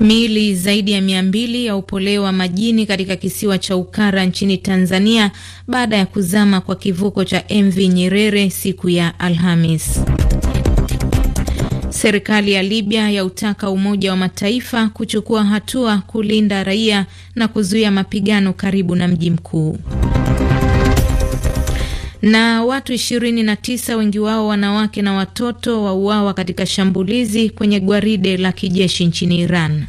Miili zaidi ya mia mbili upolewa majini katika kisiwa cha Ukara nchini Tanzania baada ya kuzama kwa kivuko cha MV Nyerere siku ya Alhamis. Serikali ya Libya yautaka Umoja wa Mataifa kuchukua hatua kulinda raia na kuzuia mapigano karibu na mji mkuu. Na watu 29 wengi wao wanawake na watoto wauawa katika shambulizi kwenye gwaride la kijeshi nchini Iran.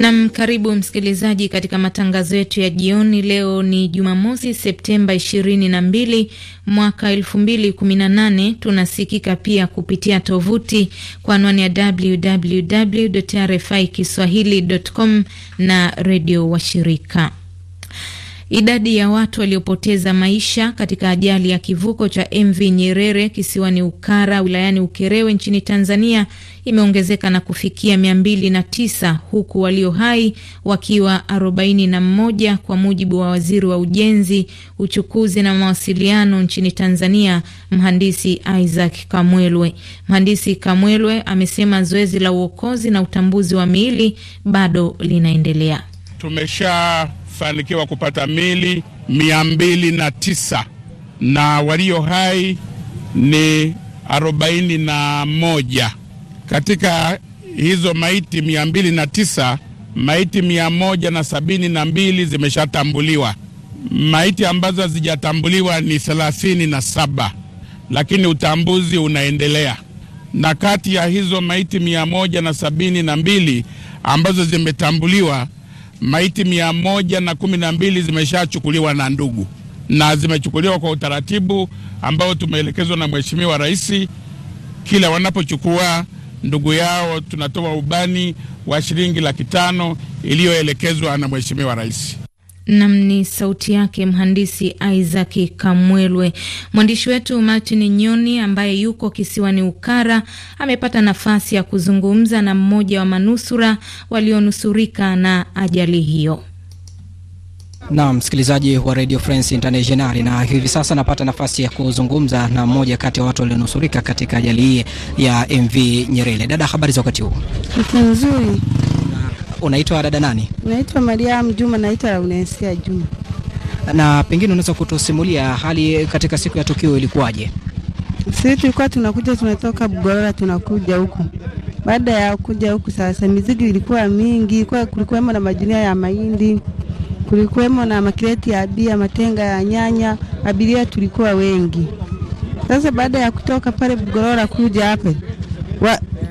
Nam, karibu msikilizaji katika matangazo yetu ya jioni. Leo ni Jumamosi, Septemba 22 mwaka 2018. Tunasikika pia kupitia tovuti kwa anwani ya www RFI kiswahili.com na redio washirika Idadi ya watu waliopoteza maisha katika ajali ya kivuko cha MV Nyerere kisiwani Ukara wilayani Ukerewe nchini Tanzania imeongezeka na kufikia tisa huku walio hai wakiwa 41 kwa mujibu wa waziri wa ujenzi, uchukuzi na mawasiliano nchini Tanzania, Mhandisi Isaac Kamwelwe. Mhandisi Kamwelwe amesema zoezi la uokozi na utambuzi wa miili bado linaendelea. Tumesha tumefanikiwa kupata mili mia mbili na tisa na walio hai ni arobaini na moja. Katika hizo maiti mia mbili na tisa, maiti mia moja na sabini na mbili zimeshatambuliwa. Maiti ambazo hazijatambuliwa ni thelathini na saba, lakini utambuzi unaendelea. Na kati ya hizo maiti mia moja na sabini na mbili ambazo zimetambuliwa maiti mia moja na kumi na mbili zimeshachukuliwa na ndugu na zimechukuliwa kwa utaratibu ambao tumeelekezwa na Mheshimiwa Rais. Kila wanapochukua ndugu yao tunatoa ubani wa shilingi laki tano iliyoelekezwa na Mheshimiwa Rais. Nam ni sauti yake mhandisi Isaac Kamwelwe. Mwandishi wetu Martin Nyoni ambaye yuko kisiwani Ukara amepata nafasi ya kuzungumza na mmoja wa manusura walionusurika na ajali hiyo. Na msikilizaji wa Radio France International, na hivi sasa napata nafasi ya kuzungumza na mmoja kati ya watu walionusurika katika ajali hii ya MV Nyerere. Dada, habari za wakati huu? Nzuri. Unaitwa dada nani? Naitwa Mariam Juma, naitwa Unesia Juma. Na pengine unaweza kutusimulia hali katika siku ya tukio ilikuwaje? Sisi tulikuwa tunakuja tunatoka Bugorora tunakuja huku. Baada ya kuja huku sasa, mizigo ilikuwa mingi, kwa kulikuwemo na majunia ya mahindi, kulikuwemo na makreti ya bia, matenga ya nyanya, abiria tulikuwa wengi. Sasa baada ya kutoka pale Bugorora kuja hapa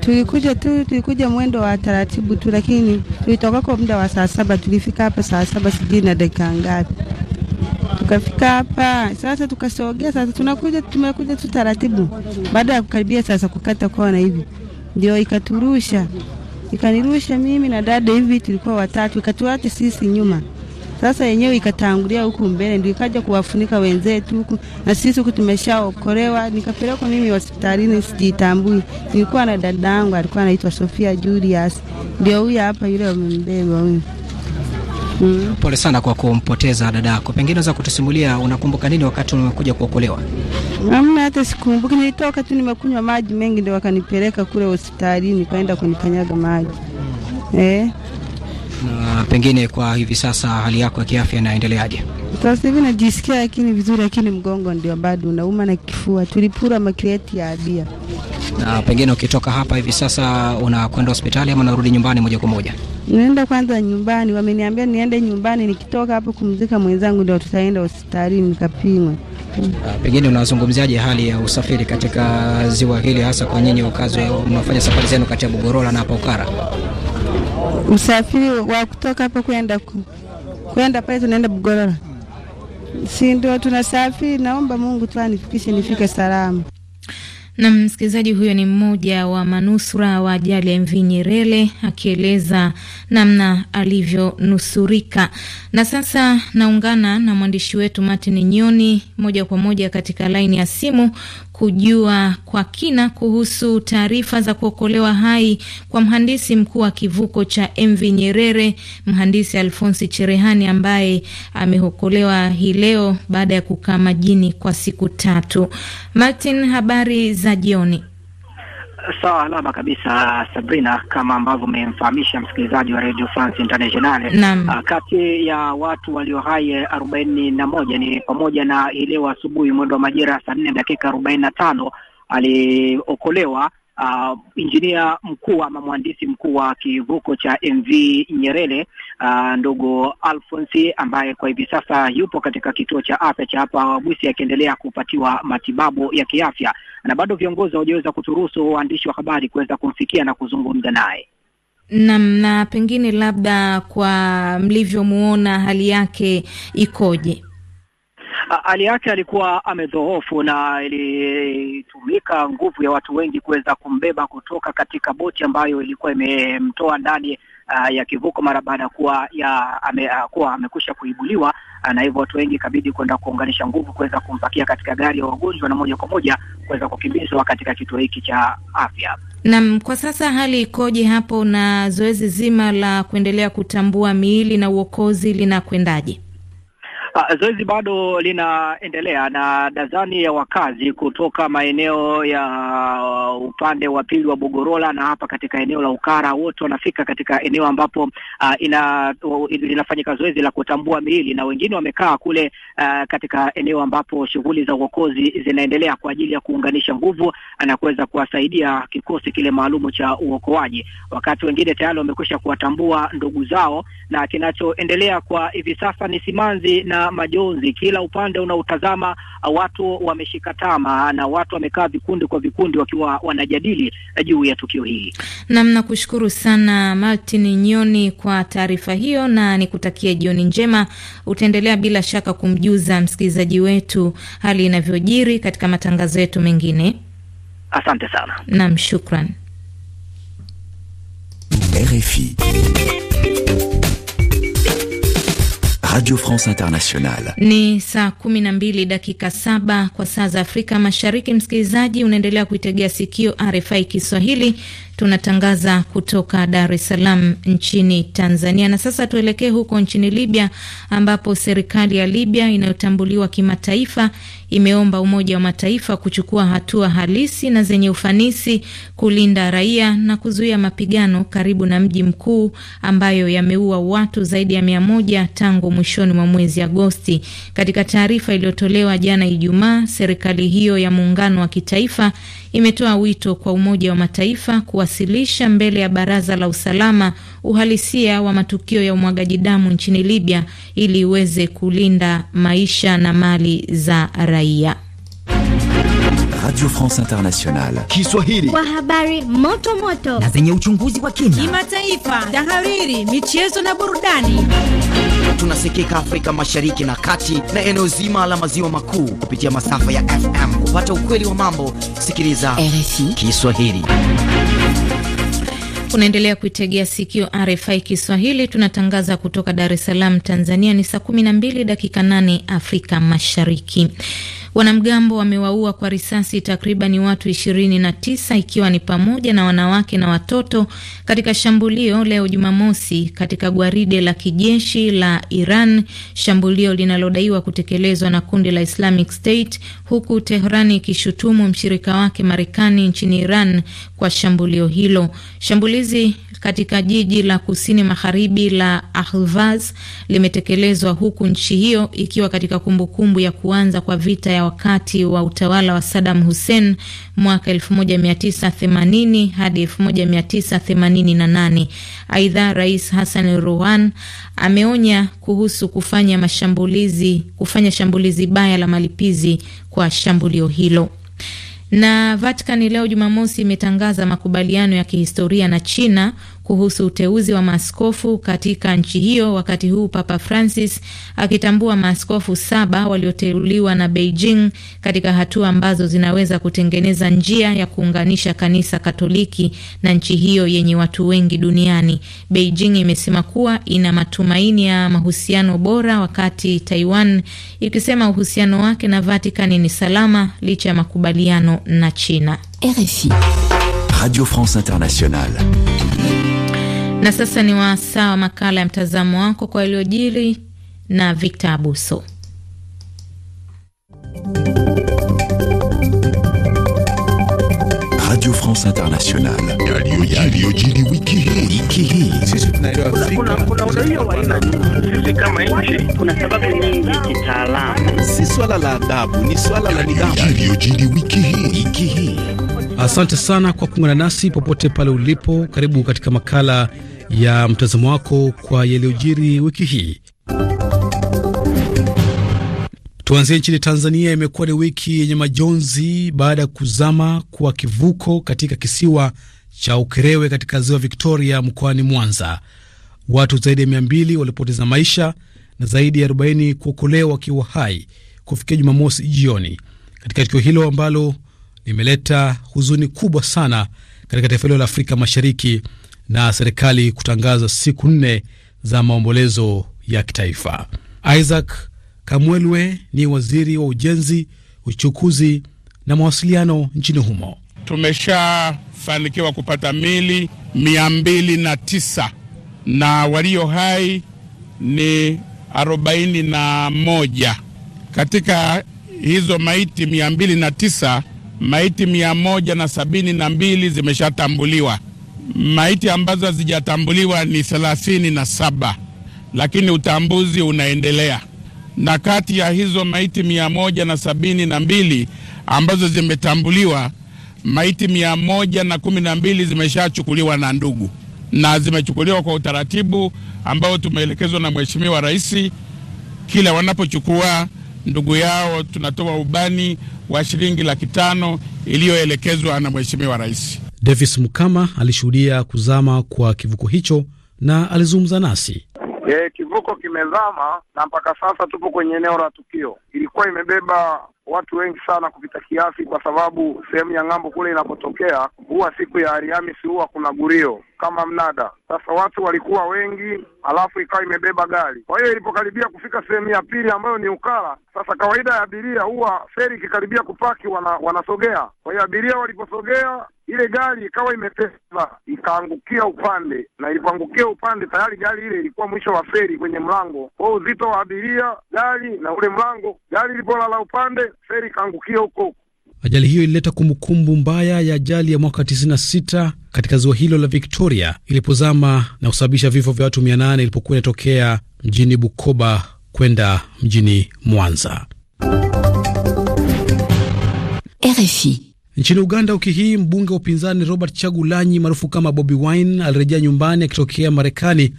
tulikuja tu, tulikuja mwendo wa taratibu tu, lakini tulitoka kwa muda wa saa saba. Tulifika hapa saa saba sijui na dakika ngapi, tukafika hapa sasa, tukasogea sasa, tunakuja tumekuja tu taratibu. Baada ya kukaribia sasa kukata kona hivi, ndio ikaturusha, ikanirusha mimi na dada hivi, tulikuwa watatu, ikatuacha sisi nyuma sasa yenyewe ikatangulia huku mbele, ndio ikaja kuwafunika wenzetu huku na sisi huku tumeshaokolewa. Nikapelekwa mimi hospitalini, sijitambui. Nilikuwa na dada yangu alikuwa anaitwa Sofia Julius, ndio huyu hapa, yule amembeba huyu. Mm. Pole sana kwa kumpoteza dada yako. Pengine unaweza kutusimulia unakumbuka nini wakati umekuja kuokolewa? Mimi hata sikumbuki, nilitoka tu nimekunywa maji mengi, ndio wakanipeleka kule hospitalini, kaenda kunikanyaga maji. Eh. Na pengine kwa hivi sasa hali yako ya kiafya inaendeleaje? Sasa hivi najisikia lakini vizuri, lakini mgongo ndio bado unauma na kifua. Tulipura makreti ya abia. Na pengine ukitoka hapa hivi sasa unakwenda hospitali ama unarudi nyumbani moja kwa moja? nenda kwanza nyumbani, wameniambia niende nyumbani, nikitoka hapo kumzika mwenzangu ndio tutaenda hospitalini nikapimwe. Ah, pengine unazungumziaje hali ya usafiri katika ziwa hili, hasa kwa nyinyi wakazi mnafanya safari zenu kati ya Bugorola na hapa Ukara? usafiri wa kutoka hapa kwenda kwenda pale, tunaenda Bugorora, si ndio tunasafiri. Naomba Mungu tu anifikishe nifike salama. Na msikilizaji huyo ni mmoja wa manusura wa ajali ya MV Nyerere akieleza namna alivyonusurika. Na sasa naungana na mwandishi wetu Martin Nyoni moja kwa moja katika laini ya simu kujua kwa kina kuhusu taarifa za kuokolewa hai kwa mhandisi mkuu wa kivuko cha MV Nyerere, mhandisi Alfonsi Cherehani ambaye ameokolewa hii leo baada ya kukaa majini kwa siku tatu. Martin, habari za jioni. Sawa alama kabisa, Sabrina, kama ambavyo umemfahamisha msikilizaji wa Radio France International. Uh, ah, kati ya watu walio hai eh, arobaini na moja ni pamoja na ileo asubuhi mwendo wa majira saa nne dakika arobaini na tano aliokolewa uh, injinia mkuu ama mhandisi mkuu wa kivuko cha MV Nyerere uh, ndugu alfonsi ambaye kwa hivi sasa yupo katika kituo cha afya cha hapa Wabwisi akiendelea kupatiwa matibabu ya kiafya, na bado viongozi hawajaweza kuturuhusu waandishi wa habari kuweza kumfikia na kuzungumza naye. Naam, na pengine labda kwa mlivyomwona hali yake ikoje? hali yake alikuwa amedhoofu na ilitumika nguvu ya watu wengi kuweza kumbeba kutoka katika boti ambayo ilikuwa imemtoa ndani Uh, ya kivuko mara baada ya kuwa ya ame, uh, kuwa amekusha kuibuliwa uh, na hivyo watu wengi ikabidi kwenda kuunganisha nguvu kuweza kumpakia katika gari ya wagonjwa na moja kwa moja kuweza kukimbizwa katika kituo hiki cha afya. Naam, kwa sasa hali ikoje hapo na zoezi zima la kuendelea kutambua miili na uokozi linakwendaje? Zoezi bado linaendelea na dazani ya wakazi kutoka maeneo ya uh, upande wa pili wa Bogorola na hapa katika eneo la Ukara, wote wanafika katika eneo ambapo uh, ina, uh, linafanyika zoezi la kutambua miili na wengine wamekaa kule uh, katika eneo ambapo shughuli za uokozi zinaendelea kwa ajili ya kuunganisha nguvu na kuweza kuwasaidia kikosi kile maalum cha uokoaji, wakati wengine tayari wamekwisha kuwatambua ndugu zao, na kinachoendelea kwa hivi sasa ni simanzi na majonzi. Kila upande unaotazama uh, watu wameshika tama na watu wamekaa vikundi kwa vikundi wakiwa wanajadili uh, juu ya tukio hili. Nam, nakushukuru sana Martin Nyoni kwa taarifa hiyo na nikutakia jioni njema. Utaendelea bila shaka kumjuza msikilizaji wetu hali inavyojiri katika matangazo yetu mengine. Asante sana. Nam, shukran. RFI. Radio France Internationale. Ni saa mbili dakika saba kwa saa za Afrika Mashariki. Msikilizaji, unaendelea kuitegea sikio RFI Kiswahili, Tunatangaza kutoka Dar es Salaam nchini Tanzania. Na sasa tuelekee huko nchini Libya, ambapo serikali ya Libya inayotambuliwa kimataifa imeomba Umoja wa Mataifa kuchukua hatua halisi na zenye ufanisi kulinda raia na kuzuia mapigano karibu na mji mkuu ambayo yameua watu zaidi ya mia moja tangu mwishoni mwa mwezi Agosti. Katika taarifa iliyotolewa jana Ijumaa, serikali hiyo ya muungano wa kitaifa imetoa wito kwa Umoja wa Mataifa kuwasilisha mbele ya Baraza la Usalama uhalisia wa matukio ya umwagaji damu nchini Libya ili iweze kulinda maisha na mali za raia. Radio France Internationale Kiswahili kwa habari moto moto na zenye uchunguzi wa kina, kimataifa, tahariri, michezo na burudani. Tunasikika Afrika Mashariki na Kati na eneo zima la maziwa makuu kupitia masafa ya FM. Kupata ukweli wa mambo, sikiliza RFI Kiswahili. Unaendelea kuitegea sikio RFI Kiswahili, tunatangaza kutoka Dar es Salaam, Tanzania. Ni saa 12 dakika 8 Afrika Mashariki. Wanamgambo wamewaua kwa risasi takribani watu 29 ikiwa ni pamoja na wanawake na watoto katika shambulio leo Jumamosi katika gwaride la kijeshi la Iran, shambulio linalodaiwa kutekelezwa na kundi la Islamic State, huku Tehrani ikishutumu mshirika wake Marekani nchini Iran kwa shambulio hilo. Shambulizi katika jiji la kusini magharibi la Ahvaz limetekelezwa huku nchi hiyo ikiwa katika kumbukumbu ya kuanza kwa vita ya wakati wa utawala wa Saddam Hussein mwaka 1980 hadi 1988. Aidha, Rais Hassan Rouhan ameonya kuhusu kufanya mashambulizi, kufanya shambulizi baya la malipizi kwa shambulio hilo. Na Vatican leo Jumamosi imetangaza makubaliano ya kihistoria na China kuhusu uteuzi wa maaskofu katika nchi hiyo, wakati huu Papa Francis akitambua maaskofu saba walioteuliwa na Beijing katika hatua ambazo zinaweza kutengeneza njia ya kuunganisha kanisa Katoliki na nchi hiyo yenye watu wengi duniani. Beijing imesema kuwa ina matumaini ya mahusiano bora, wakati Taiwan ikisema uhusiano wake na Vatikani ni salama licha ya makubaliano na China. RFI Radio France Internationale. Na sasa ni wasaa wa makala ya mtazamo wako kwa yaliyojiri na Victor Abuso. Radio France Internationale. Yaliyojiri wiki hii. Kuna sababu nyingi kitaalamu. Si swala la adabu, ni swala la nidhamu. Yaliyojiri wiki hii. Asante sana kwa kuungana nasi popote pale ulipo. Karibu katika makala ya mtazamo wako kwa yaliyojiri wiki hii. Tuanzie nchini Tanzania. Imekuwa ni wiki yenye majonzi baada ya kuzama kwa kivuko katika kisiwa cha Ukerewe katika ziwa Victoria mkoani Mwanza. Watu zaidi ya 20 walipoteza maisha na zaidi ya 40 kuokolewa wakiwa hai kufikia Jumamosi jioni katika tukio hilo ambalo limeleta huzuni kubwa sana katika taifa hilo la Afrika Mashariki na serikali kutangaza siku nne za maombolezo ya kitaifa. Isaac Kamwelwe ni waziri wa ujenzi, uchukuzi na mawasiliano nchini humo. Tumeshafanikiwa kupata mili mia mbili na tisa na walio hai ni arobaini na moja. Katika hizo maiti mia mbili na tisa maiti mia moja na sabini na mbili zimeshatambuliwa maiti ambazo hazijatambuliwa ni thelathini na saba, lakini utambuzi unaendelea, na kati ya hizo maiti mia moja na sabini na mbili ambazo zimetambuliwa maiti mia moja na kumi na mbili zimeshachukuliwa na ndugu na zimechukuliwa kwa utaratibu ambao tumeelekezwa na Mheshimiwa Rais. Kila wanapochukua ndugu yao tunatoa ubani wa shilingi laki tano iliyoelekezwa na Mheshimiwa Rais. Davis Mukama alishuhudia kuzama kwa kivuko hicho na alizungumza nasi. E, kivuko kimezama na mpaka sasa tupo kwenye eneo la tukio. Ilikuwa imebeba watu wengi sana kupita kiasi, kwa sababu sehemu ya ng'ambo kule inapotokea huwa siku ya Alhamisi huwa kuna gurio kama mnada. Sasa watu walikuwa wengi, alafu ikawa imebeba gari. Kwa hiyo ilipokaribia kufika sehemu ya pili ambayo ni Ukala, sasa kawaida ya abiria huwa feri ikikaribia kupaki wana, wanasogea. Kwa hiyo abiria waliposogea ile gari ikawa imepesa ikaangukia upande, na ilipoangukia upande tayari gari ile ilikuwa mwisho wa feri kwenye mlango kwao, uzito wa abiria, gari na ule mlango. Gari ilipolala upande, feri ikaangukia huko. Ajali hiyo ilileta kumbukumbu mbaya ya ajali ya mwaka 96 katika ziwa hilo la Victoria ilipozama na kusababisha vifo vya watu 800 ilipokuwa inatokea mjini Bukoba kwenda mjini Mwanza. RFI Nchini Uganda wiki hii mbunge wa upinzani Robert Chagulanyi maarufu kama Bobi Wine alirejea nyumbani akitokea Marekani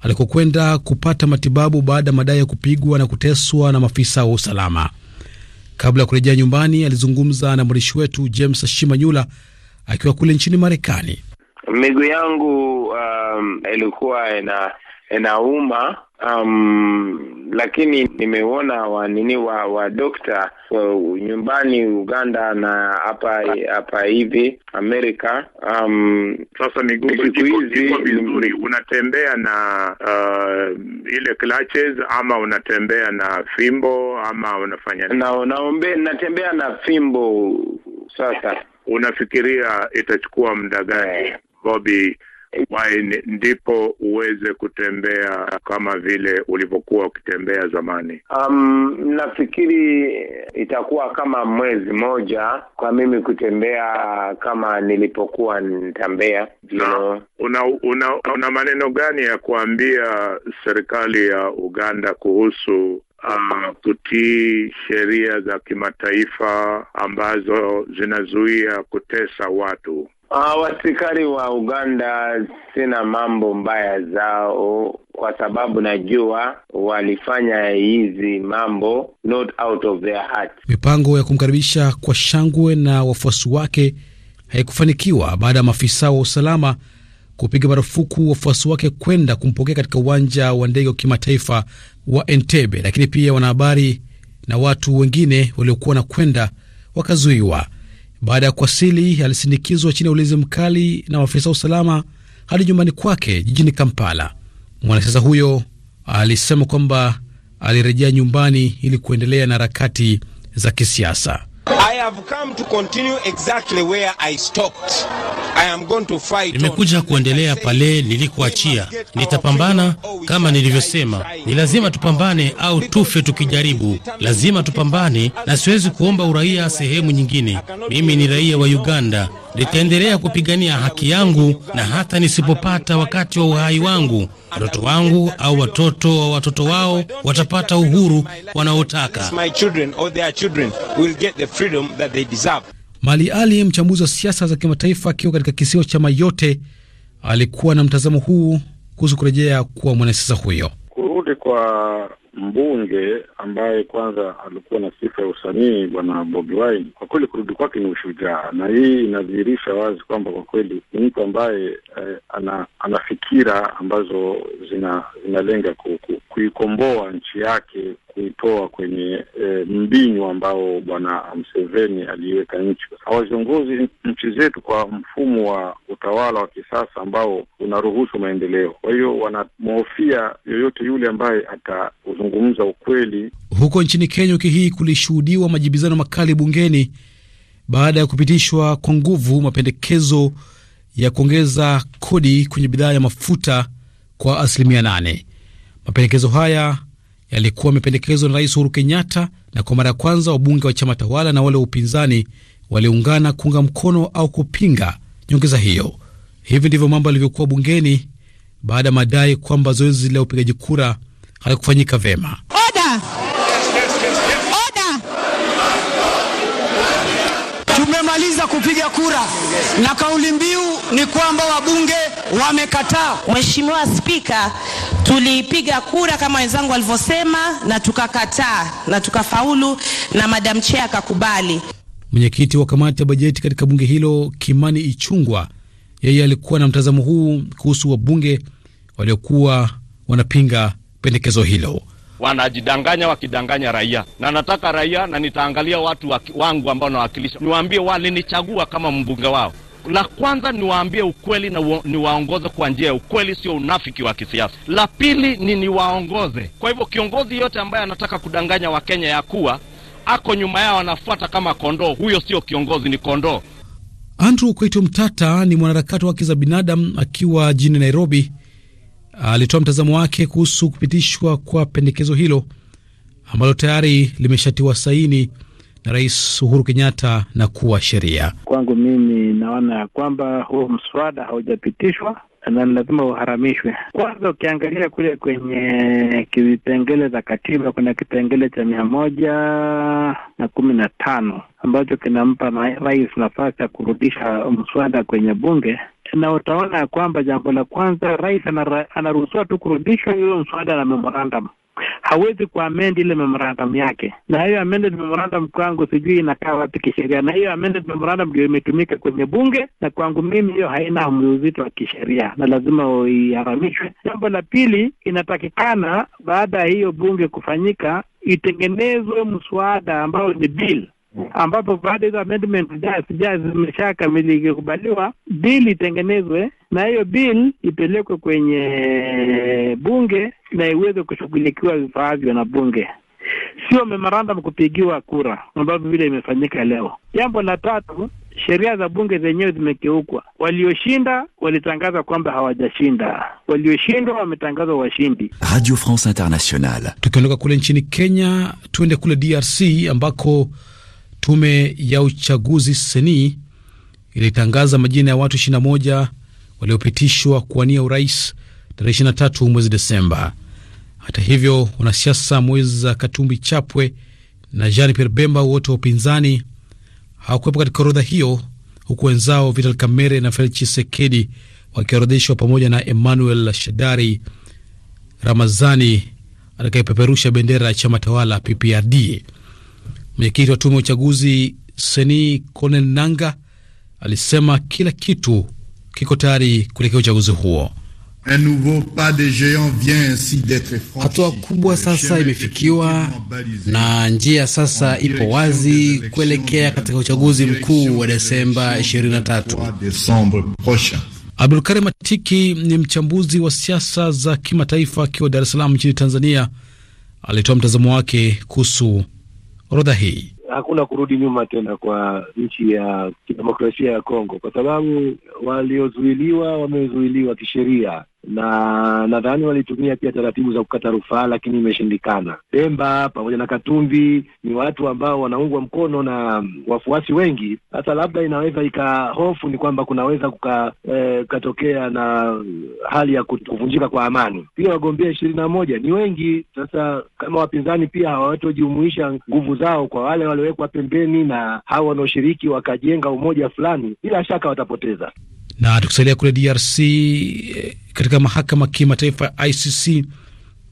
alikokwenda kupata matibabu baada ya madai ya kupigwa na kuteswa na maafisa wa usalama. Kabla ya kurejea nyumbani, alizungumza na mwandishi wetu James Shimanyula akiwa kule nchini Marekani. Miguu yangu um, ilikuwa ina inauma Um, lakini nimeona wanini wa wa dokta nyumbani Uganda na hapa hapa hivi Amerika. Um, sasa miguu iko vizuri, unatembea na uh, ile clutches ama unatembea na fimbo ama unafanya na, naombe natembea na fimbo. Sasa unafikiria itachukua muda gani eh. Bobby ndipo uweze kutembea kama vile ulivyokuwa ukitembea zamani. Um, nafikiri itakuwa kama mwezi moja kwa mimi kutembea kama nilipokuwa nitambea. Una, una, una maneno gani ya kuambia serikali ya Uganda kuhusu Uh, kutii sheria za kimataifa ambazo zinazuia kutesa watu. Uh, wasikari wa Uganda sina mambo mbaya zao kwa sababu najua walifanya hizi mambo not out of their heart. Mipango ya kumkaribisha kwa shangwe na wafuasi wake haikufanikiwa baada ya maafisa wa usalama kupiga marufuku wafuasi wake kwenda kumpokea katika uwanja wa ndege wa kimataifa wa Entebbe, lakini pia wanahabari na watu wengine waliokuwa na kwenda wakazuiwa. Baada ya kuwasili, alisindikizwa chini ya ulinzi mkali na maafisa wa usalama hadi nyumbani kwake jijini Kampala. Mwanasiasa huyo alisema kwamba alirejea nyumbani ili kuendelea na harakati za kisiasa. Nimekuja kuendelea pale nilikoachia. Nitapambana kama nilivyosema, ni lazima tupambane au tufe tukijaribu. Lazima tupambane, na siwezi kuomba uraia sehemu nyingine. Mimi ni raia wa Uganda, Nitaendelea kupigania haki yangu na hata nisipopata wakati wa uhai wangu, watoto wangu au watoto wa watoto wao watapata uhuru wanaotaka. Mali Ali, mchambuzi wa siasa za kimataifa, akiwa katika kisiwa cha Mayote, alikuwa na mtazamo huu kuhusu kurejea kuwa mwanasiasa huyo. Kurudi kwa mbunge ambaye kwanza alikuwa na sifa ya usanii, bwana Bobi Wine, kwa kweli kurudi kwake ni ushujaa, na hii inadhihirisha wazi kwamba kwa kweli ni mtu ambaye eh, ana, ana fikira ambazo zina, zinalenga ku, kuikomboa nchi yake kuitoa kwenye e, eh, mbinyu ambao bwana Mseveni aliiweka nchi. Hawaziongozi nchi zetu kwa mfumo wa utawala wa kisasa ambao unaruhusu maendeleo. Kwa hiyo wanamhofia yoyote yule ambaye ata kuzungumza ukweli. Huko nchini Kenya, wiki hii kulishuhudiwa majibizano makali bungeni baada ya kupitishwa kwa nguvu mapendekezo ya kuongeza kodi kwenye bidhaa ya mafuta kwa asilimia nane. Mapendekezo haya yalikuwa mapendekezo na Rais Uhuru Kenyatta, na kwa mara ya kwanza wabunge wa chama tawala na wale wa upinzani waliungana kuunga mkono au kupinga nyongeza hiyo. Hivi ndivyo mambo yalivyokuwa bungeni baada ya madai kwamba zoezi la upigaji kura hayakufanyika vema. Oda! Oda! Tumemaliza kupiga kura na kauli mbiu ni kwamba wabunge wamekataa. Mheshimiwa Spika, tulipiga kura kama wenzangu walivyosema, na tukakataa na tukafaulu, na madam chair akakubali. Mwenyekiti wa kamati ya bajeti katika bunge hilo Kimani Ichungwa, yeye alikuwa na mtazamo huu kuhusu wabunge waliokuwa wanapinga pendekezo hilo. Wanajidanganya wakidanganya raia, na nataka raia, na nitaangalia watu waki, wangu ambao nawakilisha, niwaambie walinichagua kama mbunge wao. La kwanza niwaambie ukweli na niwaongoze kwa njia ya ukweli, sio unafiki wa kisiasa. La pili ni niwaongoze. Kwa hivyo kiongozi yote ambaye anataka kudanganya Wakenya ya kuwa ako nyuma yao anafuata kama kondoo, huyo sio kiongozi, ni kondoo. Andrew Kwaito Mtata ni mwanaharakati wa haki za binadamu akiwa jijini Nairobi alitoa mtazamo wake kuhusu kupitishwa kwa pendekezo hilo ambalo tayari limeshatiwa saini na Rais Uhuru Kenyatta na kuwa sheria. Kwangu mimi naona ya kwamba huu mswada haujapitishwa na lazima uharamishwe. Kwanza ukiangalia kule kwenye kivipengele za katiba, kuna kipengele cha mia moja na kumi na tano ambacho kinampa rais nafasi ya kurudisha mswada kwenye bunge na utaona kwamba jambo la kwanza rais anaruhusiwa tu kurudisha hiyo mswada na memorandum hawezi kuamend ile memorandum yake, na hiyo amended memorandum kwangu sijui inakaa wapi kisheria, na hiyo amended memorandum ndio imetumika kwenye bunge, na kwangu mimi hiyo haina uzito wa kisheria na lazima iharamishwe. Jambo la pili, inatakikana baada ya hiyo bunge kufanyika itengenezwe mswada ambao ni bill ambapo baada hizo amendment sijaa zimeshakamilika kubaliwa, bill itengenezwe na hiyo bill ipelekwe kwenye bunge na iweze kushughulikiwa vifaavyo na bunge, sio memorandum kupigiwa kura ambavyo vile imefanyika leo. Jambo la tatu, sheria za bunge zenyewe zimekeukwa Walioshinda walitangaza kwamba hawajashinda, walioshindwa wametangazwa washindi. Radio France International. Tukiondoka kule nchini Kenya, tuende kule DRC ambako Tume ya uchaguzi seni ilitangaza majina ya watu 21 waliopitishwa kuwania urais tarehe 23 mwezi Desemba. Hata hivyo, wanasiasa Moiza Katumbi Chapwe na Jean Pierre Bemba, wote wa upinzani, hawakuwepo katika orodha hiyo, huku wenzao Vital Kamerhe na Felix Tshisekedi wakiorodheshwa pamoja na Emmanuel Shadari Ramazani atakayepeperusha bendera ya chama tawala PPRD. Mwenyekiti wa tume ya uchaguzi Seni Konen Nanga alisema kila kitu kiko tayari kuelekea uchaguzi huo. Hatua kubwa sasa imefikiwa na njia sasa ipo wazi kuelekea katika uchaguzi mkuu wa Desemba 23. Abdulkarim Atiki ni mchambuzi wa siasa za kimataifa akiwa Dar es Salaam nchini Tanzania. Alitoa mtazamo wake kuhusu orodha hii. Hakuna kurudi nyuma tena kwa nchi ya kidemokrasia ya Kongo, kwa sababu waliozuiliwa wamezuiliwa kisheria, na nadhani walitumia pia taratibu za kukata rufaa, lakini imeshindikana. Pemba pamoja na Katumbi ni watu ambao wanaungwa mkono na wafuasi wengi. Sasa labda inaweza ikahofu ni kwamba kunaweza kukatokea eh, e, na hali ya kuvunjika kwa amani. Pia wagombea ishirini na moja ni wengi. Sasa kama wapinzani pia hawatojumuisha nguvu zao kwa wale waliowekwa pembeni na hawa wanaoshiriki wakajenga umoja fulani, bila shaka watapoteza. Na tukisalia kule DRC, eh, katika mahakama kimataifa ya ICC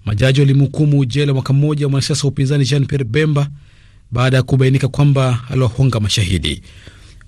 majaji walimhukumu jela mwaka mmoja mwanasiasa wa upinzani Jean Pierre Bemba baada ya kubainika kwamba aliwahonga mashahidi.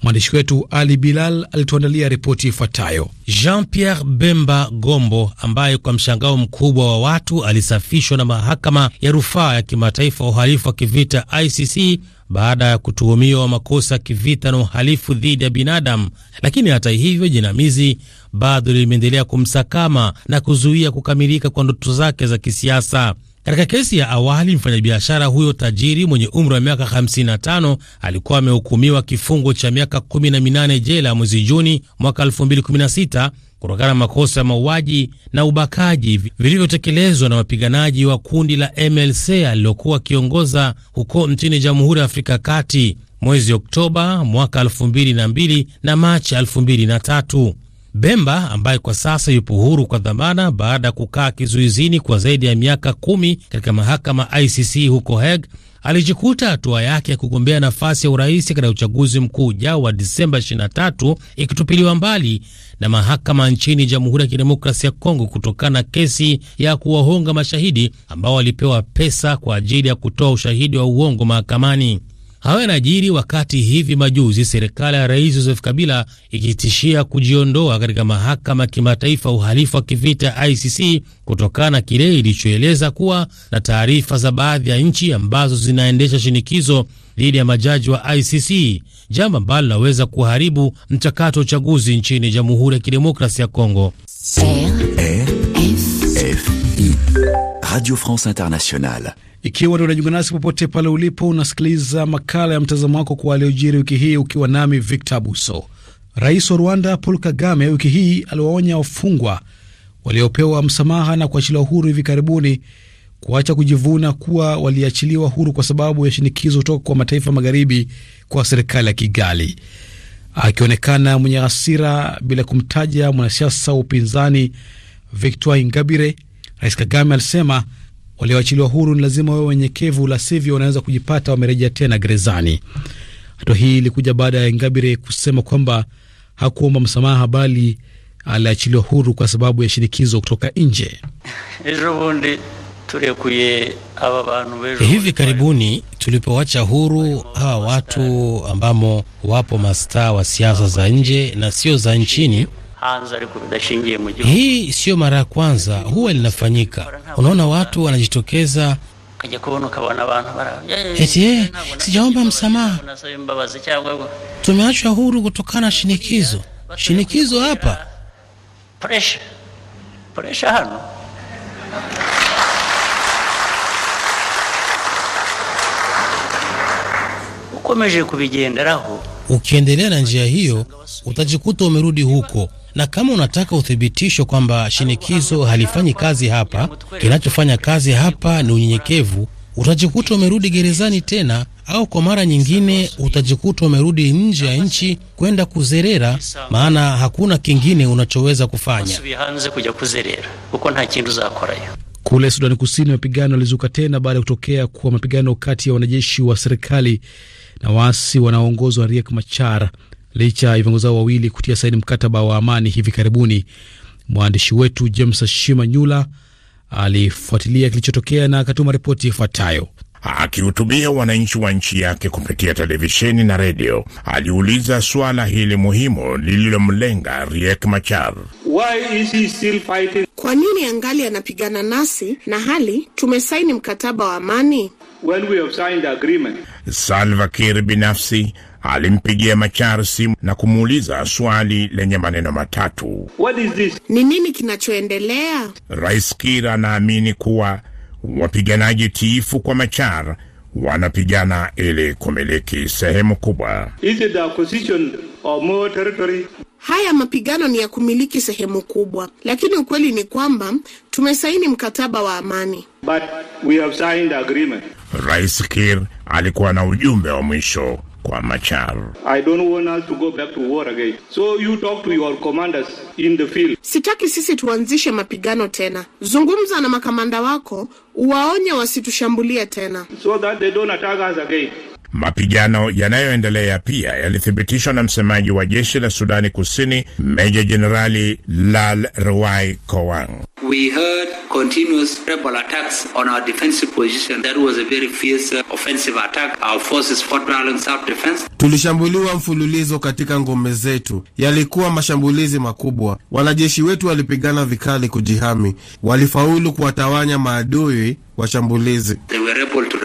Mwandishi wetu Ali Bilal alituandalia ripoti ifuatayo. Jean Pierre Bemba Gombo, ambaye kwa mshangao mkubwa wa watu alisafishwa na mahakama ya rufaa ya kimataifa ya uhalifu wa kivita ICC baada ya kutuhumiwa makosa kivita na uhalifu dhidi ya binadamu, lakini hata hivyo jinamizi bado limeendelea kumsakama na kuzuia kukamilika kwa ndoto zake za kisiasa. Katika kesi ya awali, mfanyabiashara huyo tajiri mwenye umri wa miaka 55 alikuwa amehukumiwa kifungo cha miaka 18 jela mwezi Juni mwaka 2016 kutokana na makosa ya mauaji na ubakaji vilivyotekelezwa na wapiganaji wa kundi la MLC alilokuwa akiongoza huko nchini Jamhuri ya Afrika ya Kati mwezi Oktoba mwaka 2002 na Machi 2003. Bemba ambaye kwa sasa yupo huru kwa dhamana baada ya kukaa kizuizini kwa zaidi ya miaka kumi katika mahakama ICC huko Hague alijikuta hatua yake ya kugombea nafasi ya urais katika uchaguzi mkuu ujao wa Disemba 23 ikitupiliwa mbali na mahakama nchini Jamhuri ya Kidemokrasia ya Kongo kutokana na kesi ya kuwahonga mashahidi ambao walipewa pesa kwa ajili ya kutoa ushahidi wa uongo mahakamani. Hayo yanajiri wakati hivi majuzi serikali ya Rais Joseph Kabila ikitishia kujiondoa katika mahakama ya kimataifa uhalifu wa kivita ICC kutokana na kile ilichoeleza kuwa na taarifa za baadhi ya nchi ambazo zinaendesha shinikizo dhidi ya majaji wa ICC, jambo ambalo linaweza kuharibu mchakato wa uchaguzi nchini Jamhuri ya Kidemokrasia ya Kongo. Radio France Internationale ikiwa ndio unajiunga nasi popote pale ulipo, unasikiliza makala ya mtazamo wako kwa aliyojiri wiki hii, ukiwa nami Victor Abuso. Rais wa Rwanda Paul Kagame wiki hii aliwaonya wafungwa waliopewa msamaha na kuachiliwa huru hivi karibuni kuacha kujivuna kuwa waliachiliwa huru kwa sababu ya shinikizo kutoka kwa mataifa magharibi kwa serikali ya Kigali. Akionekana mwenye hasira bila kumtaja mwanasiasa wa upinzani Victoire Ingabire, Rais Kagame alisema walioachiliwa huru ni lazima wawe wenyekevu, la sivyo wanaweza kujipata wamerejea tena gerezani. Hatua hii ilikuja baada ya ngabire kusema kwamba hakuomba msamaha bali aliachiliwa huru kwa sababu ya shinikizo kutoka nje. Hivi karibuni tulipowacha huru hawa watu ambamo wapo mastaa wa siasa za nje na sio za nchini hii siyo mara ya kwanza, huwa linafanyika. Unaona, watu wanajitokeza eti eh, sijaomba msamaha, tumeachwa huru kutokana na shinikizo. Eh, shinikizo hapa hano. ukomeje kubigenderaho Ukiendelea na njia hiyo, utajikuta umerudi huko, na kama unataka uthibitisho kwamba shinikizo halifanyi kazi hapa, kinachofanya kazi hapa ni unyenyekevu, utajikuta umerudi gerezani tena, au kwa mara nyingine utajikuta umerudi nje ya nchi kwenda kuzerera, maana hakuna kingine unachoweza kufanya. Kule Sudani Kusini, mapigano yalizuka tena baada ya kutokea kwa mapigano kati ya wanajeshi wa serikali na waasi wanaoongozwa Riek Machar, licha ya viongozi hao wawili kutia saini mkataba wa amani hivi karibuni. Mwandishi wetu James Shima Nyula alifuatilia kilichotokea na akatuma ripoti ifuatayo. Akihutubia wananchi wa nchi yake kupitia televisheni na redio, aliuliza suala hili muhimu lililomlenga Riek Machar. Why is he still fighting? Kwa nini angali anapigana nasi na hali tumesaini mkataba wa amani? When we have signed the agreement Salva Kiir binafsi alimpigia Machar simu na kumuuliza swali lenye maneno matatu: What is this? Ni nini kinachoendelea? Rais Kiir anaamini kuwa wapiganaji tiifu kwa Machar wanapigana ili kumiliki sehemu kubwa. Is it the acquisition of more territory? Haya mapigano ni ya kumiliki sehemu kubwa, lakini ukweli ni kwamba tumesaini mkataba wa amani. But we have signed agreement. Rais Kiir alikuwa na ujumbe wa mwisho kwa Machar. I don't want us to go back to war again. So you talk to your commanders in the field. Sitaki sisi tuanzishe mapigano tena. Zungumza na makamanda wako, uwaonye wasitushambulie tena. So that they don't attack us again. Mapigano yanayoendelea pia yalithibitishwa na msemaji wa jeshi la Sudani Kusini, Meja Jenerali Lal Ruwai Kowang. We heard continuous rebel attacks on our defensive position. That was a very fierce uh, offensive attack. Our forces fought well in self-defense. Tulishambuliwa mfululizo katika ngome zetu, yalikuwa mashambulizi makubwa. Wanajeshi wetu walipigana vikali kujihami, walifaulu kuwatawanya maadui washambulizi. They were able to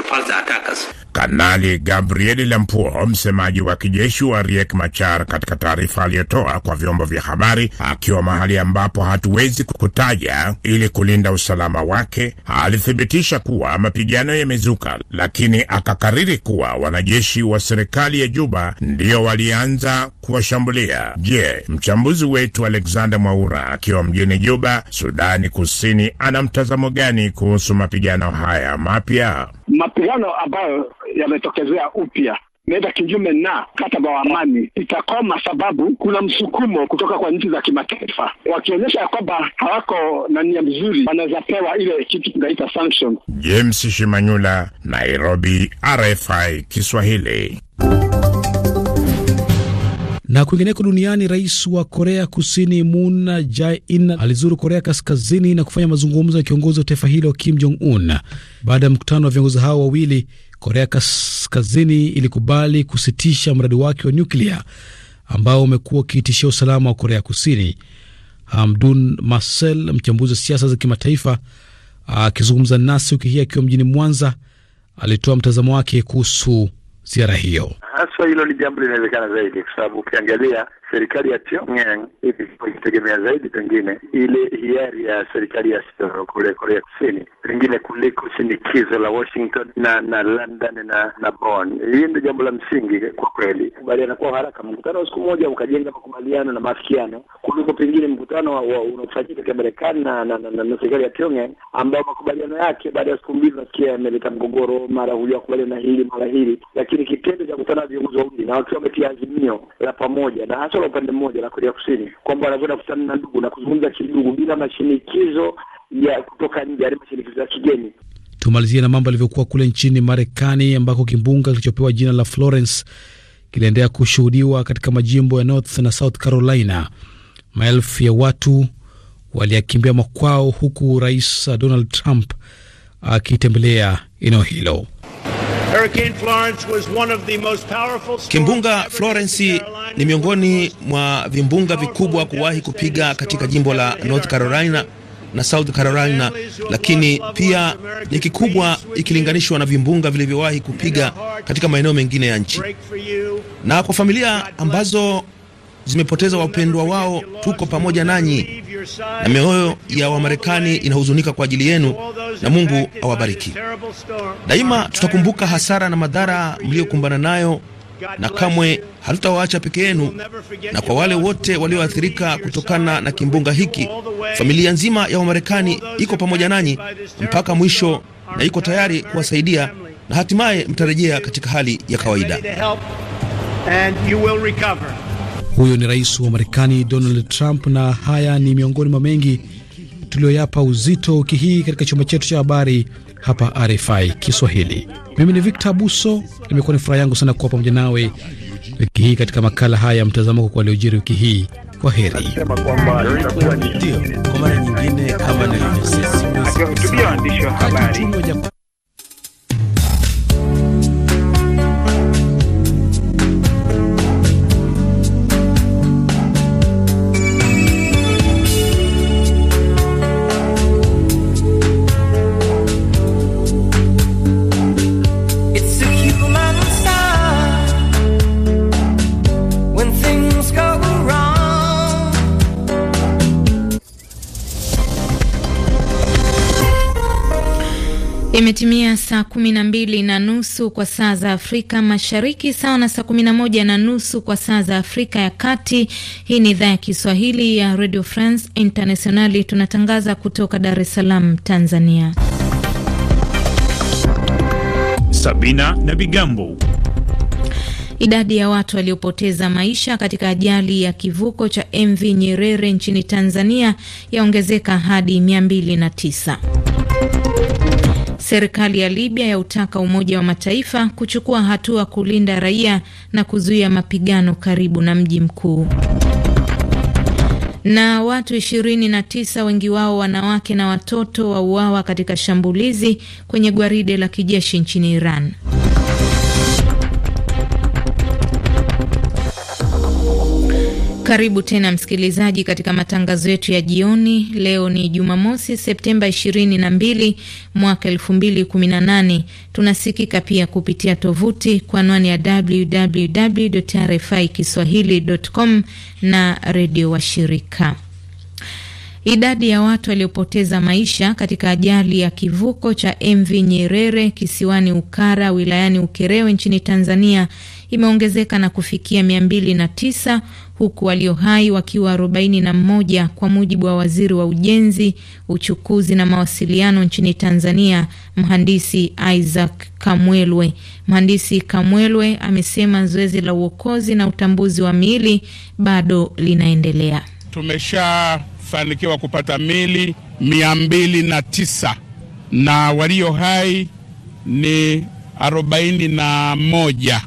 Kanali Gabriel Lampuo, msemaji wa kijeshi wa Riek Machar, katika taarifa aliyotoa kwa vyombo vya habari akiwa mahali ambapo hatuwezi kukutaja ili kulinda usalama wake, alithibitisha kuwa mapigano yamezuka, lakini akakariri kuwa wanajeshi wa serikali ya Juba ndio walianza kuwashambulia. Je, mchambuzi wetu Alexander Mwaura akiwa mjini Juba, Sudani Kusini, ana mtazamo gani kuhusu mapigano haya mapya? mapigano ambayo yametokezea upya naenda kinyume na mkataba wa amani itakoma, sababu kuna msukumo kutoka kwa nchi za kimataifa wakionyesha ya kwamba hawako na nia mzuri, wanaweza pewa ile kitu tunaita sanction. James Shimanyula, Nairobi, RFI Kiswahili. Na kwingineko duniani, rais wa Korea Kusini Moon Jae-in alizuru Korea Kaskazini na kufanya mazungumzo ya kiongozi wa taifa hilo Kim Jong Un. Baada ya mkutano wa viongozi hao wawili, Korea Kaskazini ilikubali kusitisha mradi wake wa nyuklia ambao umekuwa ukiitishia usalama wa Korea Kusini. Hamdun Marcel, mchambuzi wa siasa za kimataifa, akizungumza nasi wiki hii akiwa mjini Mwanza, alitoa mtazamo wake kuhusu ziara hiyo sasa hilo ni jambo linawezekana zaidi, kwa sababu ukiangalia serikali ya Pyongyang ikitegemea zaidi pengine ile hiari ya serikali ya kule Korea Kusini, pengine kuliko shinikizo la Washington na na London na na Bonn. Hili ndio jambo la msingi kwa kweli, kubaliana kwa haraka, mkutano wa siku moja ukajenga makubaliano na maafikiano, kuliko pengine mkutano unaofanyika katika Marekani na na, na, na, na serikali ya Pyongyang ambao makubaliano yake baada ya siku mbili nasikia yameleta mgogoro, mara hujakubaliana na hili mara hili, lakini kitendo cha kukutana viongozi Uzaudi na wakiwa wametia azimio la pamoja na hasa la upande mmoja la Korea Kusini kwamba wanakwenda kukutana na ndugu na kuzungumza kindugu bila mashinikizo ya kutoka nje, yaani mashinikizo ya kigeni. Tumalizie na mambo yalivyokuwa kule nchini Marekani ambako kimbunga kilichopewa jina la Florence kiliendelea kushuhudiwa katika majimbo ya North na South Carolina. Maelfu ya watu waliyakimbia makwao, huku Rais Donald Trump akitembelea eneo hilo. Kimbunga Florence ni miongoni mwa vimbunga vikubwa kuwahi kupiga katika jimbo la North Carolina na South Carolina, lakini pia ni kikubwa ikilinganishwa na vimbunga vilivyowahi kupiga katika maeneo mengine ya nchi. Na kwa familia ambazo zimepoteza wapendwa wao, tuko pamoja nanyi, na mioyo ya Wamarekani inahuzunika kwa ajili yenu, na Mungu awabariki daima. Tutakumbuka hasara na madhara mliyokumbana nayo, na kamwe hatutawaacha peke yenu. Na kwa wale wote walioathirika kutokana na kimbunga hiki, familia nzima ya Wamarekani iko pamoja nanyi mpaka mwisho na iko tayari kuwasaidia, na hatimaye mtarejea katika hali ya kawaida. Huyo ni rais wa Marekani Donald Trump, na haya ni miongoni mwa mengi tuliyoyapa uzito wiki hii katika chumba chetu cha habari hapa RFI Kiswahili. Mimi ni Victor Abuso, imekuwa ni furaha yangu sana kuwa pamoja nawe wiki hii katika makala haya ya mtazamo wako kwa wiki hii. Kwa heri. Kwa mara nyingine, kama nilivyosema, Imetimia saa kumi na mbili na nusu kwa saa za Afrika Mashariki, sawa na saa kumi na moja na nusu kwa saa za Afrika ya Kati. Hii ni idhaa ya Kiswahili ya Radio France Internationali, tunatangaza kutoka Dar es Salaam, Tanzania. Sabina na Bigambo. Idadi ya watu waliopoteza maisha katika ajali ya kivuko cha MV Nyerere nchini Tanzania yaongezeka hadi tisa. Serikali ya Libya yautaka Umoja wa Mataifa kuchukua hatua kulinda raia na kuzuia mapigano karibu na mji mkuu na watu 29 wengi wao wanawake na watoto wauawa katika shambulizi kwenye gwaride la kijeshi nchini Iran. Karibu tena msikilizaji, katika matangazo yetu ya jioni. Leo ni Jumamosi, Septemba 22 mwaka 2018. Tunasikika pia kupitia tovuti kwa anwani ya www RFI kiswahili.com na redio washirika. Idadi ya watu waliopoteza maisha katika ajali ya kivuko cha MV Nyerere kisiwani Ukara wilayani Ukerewe nchini Tanzania imeongezeka na kufikia mia mbili na tisa huku walio hai wakiwa mmoja kwa mujibu wa waziri wa ujenzi, uchukuzi na mawasiliano nchini Tanzania, mhandisi Isaac Kamwelwe. Mhandisi Kamwelwe amesema zoezi la uokozi na utambuzi wa miili bado linaendelea. Tumeshafanikiwa kupata miili mbili na walio hai ni moja.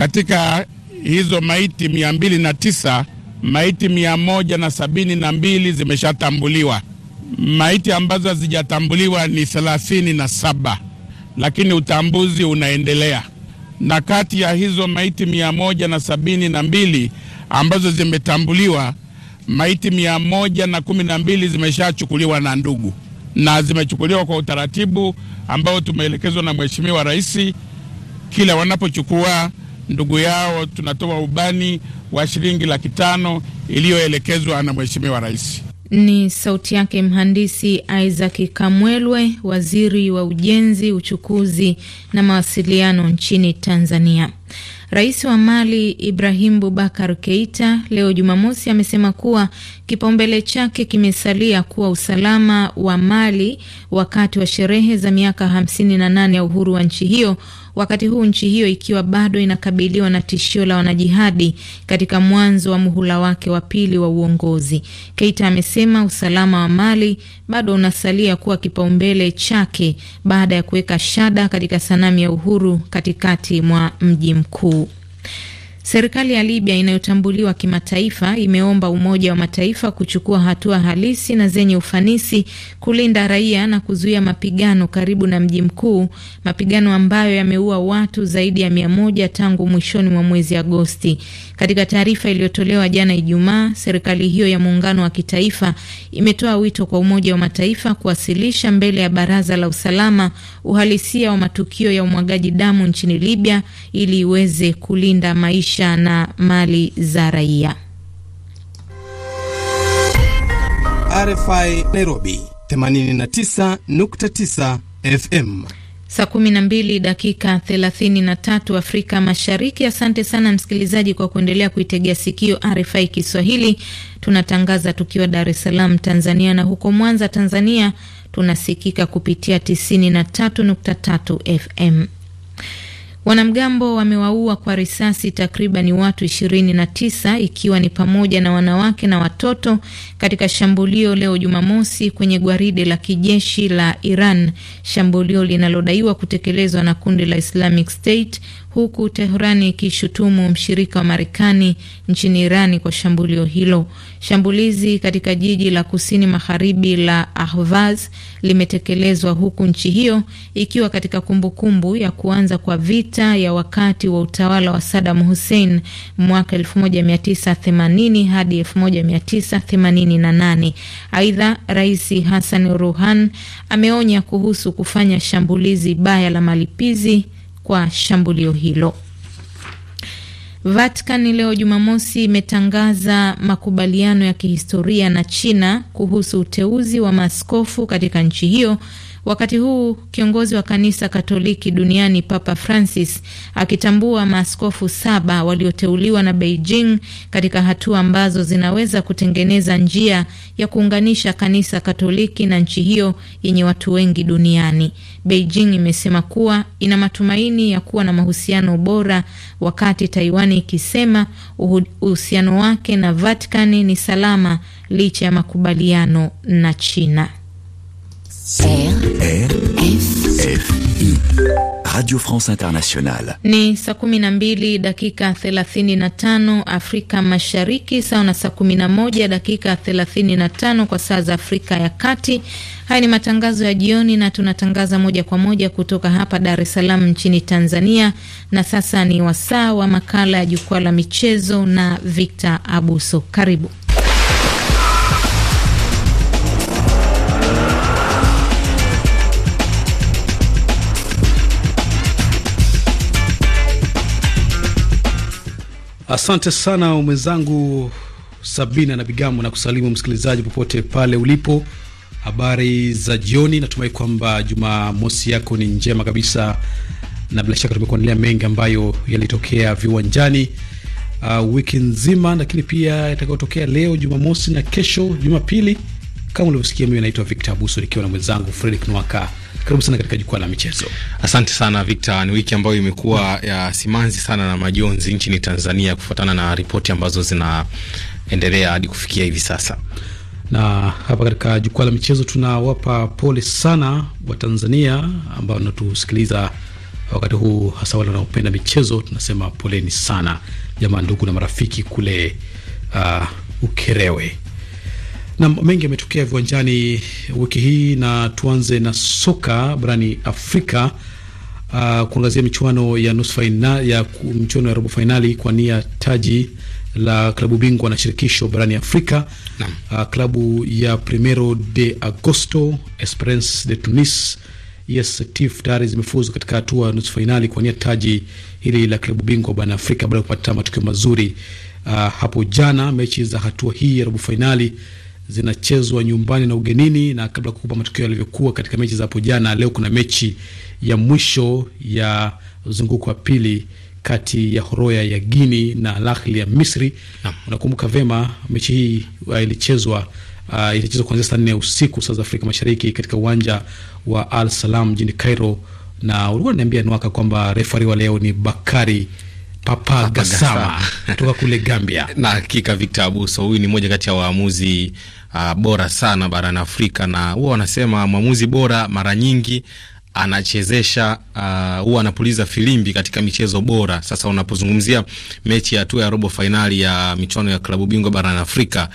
Katika hizo maiti mia mbili na tisa maiti mia moja na sabini na mbili zimeshatambuliwa. Maiti ambazo hazijatambuliwa ni thelathini na saba, lakini utambuzi unaendelea. Na kati ya hizo maiti mia moja na sabini na mbili ambazo zimetambuliwa, maiti mia moja na kumi na mbili zimeshachukuliwa na ndugu na zimechukuliwa kwa utaratibu ambao tumeelekezwa na Mheshimiwa Rais. Kila wanapochukua ndugu yao, tunatoa ubani wa shilingi laki tano iliyoelekezwa na Mheshimiwa Rais. Ni sauti yake Mhandisi Isaac Kamwelwe, waziri wa ujenzi, uchukuzi na mawasiliano nchini Tanzania. Rais wa Mali Ibrahim Bubakar Keita leo Jumamosi amesema kuwa kipaumbele chake kimesalia kuwa usalama wa Mali wakati wa sherehe za miaka 58 ya uhuru wa nchi hiyo wakati huu nchi hiyo ikiwa bado inakabiliwa na tishio la wanajihadi katika mwanzo wa muhula wake wa pili wa uongozi. Keita amesema usalama wa Mali bado unasalia kuwa kipaumbele chake baada ya kuweka shada katika sanamu ya uhuru katikati mwa mji mkuu. Serikali ya Libya inayotambuliwa kimataifa imeomba Umoja wa Mataifa kuchukua hatua halisi na zenye ufanisi kulinda raia na kuzuia mapigano karibu na mji mkuu, mapigano ambayo yameua watu zaidi ya mia moja tangu mwishoni mwa mwezi Agosti. Katika taarifa iliyotolewa jana Ijumaa, serikali hiyo ya muungano wa kitaifa imetoa wito kwa Umoja wa Mataifa kuwasilisha mbele ya Baraza la Usalama uhalisia wa matukio ya umwagaji damu nchini Libya ili iweze kulinda maisha maisha na mali za raia. RFI Nairobi 89.9 FM. Saa 12 dakika 33 Afrika Mashariki. Asante sana msikilizaji kwa kuendelea kuitegea sikio RFI Kiswahili. Tunatangaza tukiwa Dar es Salaam, Tanzania, na huko Mwanza, Tanzania, tunasikika kupitia 93.3 FM. Wanamgambo wamewaua kwa risasi takriban watu 29 ikiwa ni pamoja na wanawake na watoto katika shambulio leo Jumamosi kwenye gwaride la kijeshi la Iran, shambulio linalodaiwa kutekelezwa na kundi la Islamic State huku tehrani ikishutumu mshirika wa Marekani nchini Irani kwa shambulio hilo. Shambulizi katika jiji la kusini magharibi la Ahvaz limetekelezwa huku nchi hiyo ikiwa katika kumbukumbu kumbu ya kuanza kwa vita ya wakati wa utawala wa Saddam Hussein mwaka 1980 hadi 1988. Aidha, Rais Hassan Rouhani ameonya kuhusu kufanya shambulizi baya la malipizi kwa shambulio hilo. Vatican leo Jumamosi imetangaza makubaliano ya kihistoria na China kuhusu uteuzi wa maaskofu katika nchi hiyo Wakati huu kiongozi wa kanisa Katoliki duniani Papa Francis akitambua maaskofu saba walioteuliwa na Beijing katika hatua ambazo zinaweza kutengeneza njia ya kuunganisha kanisa Katoliki na nchi hiyo yenye watu wengi duniani. Beijing imesema kuwa ina matumaini ya kuwa na mahusiano bora, wakati Taiwan ikisema uhusiano wake na Vatikani ni salama licha ya makubaliano na China. RFI Radio France Internationale. Ni saa 12 dakika 35 Afrika Mashariki, sawa na saa 11 dakika 35 kwa saa za Afrika ya Kati. Haya ni matangazo ya jioni na tunatangaza moja kwa moja kutoka hapa Dar es Salaam nchini Tanzania. Na sasa ni wasaa wa makala ya jukwaa la michezo na Victor Abuso. Karibu. Asante sana mwenzangu Sabina na Bigambo, na kusalimu msikilizaji popote pale ulipo. Habari za jioni, natumai kwamba Jumamosi yako ni njema kabisa, na bila shaka tumekuandalia mengi ambayo yalitokea viwanjani uh, wiki nzima, lakini pia itakayotokea leo Jumamosi na kesho Jumapili. Kama ulivyosikia, mimi naitwa Victor Abuso nikiwa na mwenzangu Fredrick Nwaka. Karibu sana katika jukwaa la michezo. Asante sana Victor. Ni wiki ambayo imekuwa ya simanzi sana na majonzi nchini Tanzania kufuatana na ripoti ambazo zinaendelea hadi kufikia hivi sasa, na hapa katika jukwaa la michezo tunawapa pole sana Watanzania ambao wanatusikiliza wakati huu, hasa wale wanaopenda michezo. Tunasema poleni sana jamaa, ndugu na marafiki kule uh, Ukerewe na mengi yametokea viwanjani wiki hii, na tuanze na soka barani Afrika. Uh, kuangazia michuano ya nusu fainali ya michuano ya robo fainali kwa nia taji la klabu bingwa na shirikisho barani Afrika Uh, klabu ya Primero de Agosto, Esperance de Tunis, yes TIF tayari zimefuzu katika hatua nusu fainali kwa nia taji hili la klabu bingwa barani Afrika baada ya kupata matokeo mazuri uh, hapo jana. Mechi za hatua hii ya robo fainali zinachezwa nyumbani na ugenini, na kabla kukupa matokeo yalivyokuwa katika mechi za hapo jana, leo kuna mechi ya mwisho ya mzunguko wa pili kati ya Horoya ya Guini na Al Ahly ya Misri. Unakumbuka vema mechi hii uh, ilichezwa uh, itachezwa kuanzia saa nne usiku saa za Afrika Mashariki katika uwanja wa Al Salam jijini Cairo, na ulikuwa unaniambia nwaka kwamba refari wa leo ni Bakari Papa Gassama kutoka kule Gambia. Na hakika Victor Abuso, huyu ni mmoja kati ya waamuzi uh, bora sana barani Afrika, na huwa wanasema mwamuzi bora mara nyingi anachezesha ah, huwa uh, anapuliza filimbi katika michezo bora. Sasa unapozungumzia mechi ya hatua ya robo fainali ya michuano ya klabu bingwa barani Afrika,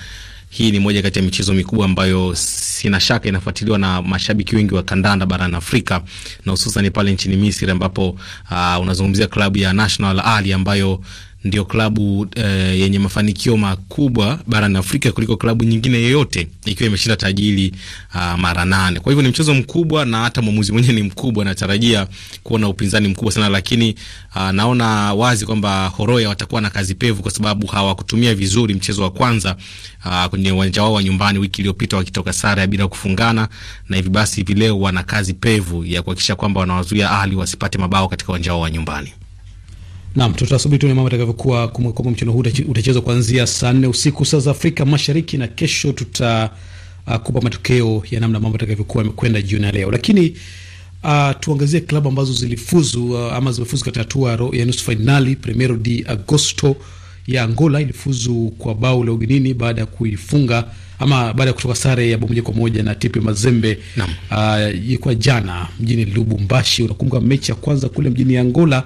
hii ni moja kati ya michezo mikubwa ambayo sina shaka inafuatiliwa na mashabiki wengi wa kandanda barani Afrika na hususan pale nchini Misri ambapo uh, unazungumzia klabu ya National Al ambayo ndio klabu e, yenye mafanikio makubwa barani Afrika kuliko klabu nyingine yoyote ikiwa imeshinda taji hili ah, mara nane. Kwa hivyo ni mchezo mkubwa na hata mwamuzi mwenyewe ni mkubwa, natarajia kuona upinzani mkubwa sana, lakini a, ah, naona wazi kwamba Horoya watakuwa na kazi pevu kwa sababu hawakutumia vizuri mchezo wa kwanza a, ah, kwenye uwanja wao wa nyumbani wiki iliyopita wakitoka sare ya bila kufungana, na hivi basi hivi leo wana kazi pevu ya kuhakikisha kwamba wanawazuia Ahli wasipate mabao katika uwanja wao wa nyumbani. Naam, tutasubiri tuone mambo yatakavyokuwa kwamba mchezo huu utachezwa kuanzia saa nne usiku saa za Afrika Mashariki, na kesho tutakupa uh, matokeo ya namna mambo yatakavyokuwa yamekwenda jioni ya leo. Lakini uh, tuangazie klabu ambazo zilifuzu uh, ama zimefuzu katika hatua ya nusu fainali. Primero de Agosto ya Angola ilifuzu kwa bao la ugenini baada ya kuifunga ama baada ya kutoka sare ya bao moja kwa moja na TP Mazembe. Uh, ilikuwa uh, jana mjini Lubumbashi. Unakumbuka mechi ya kwanza kule mjini Angola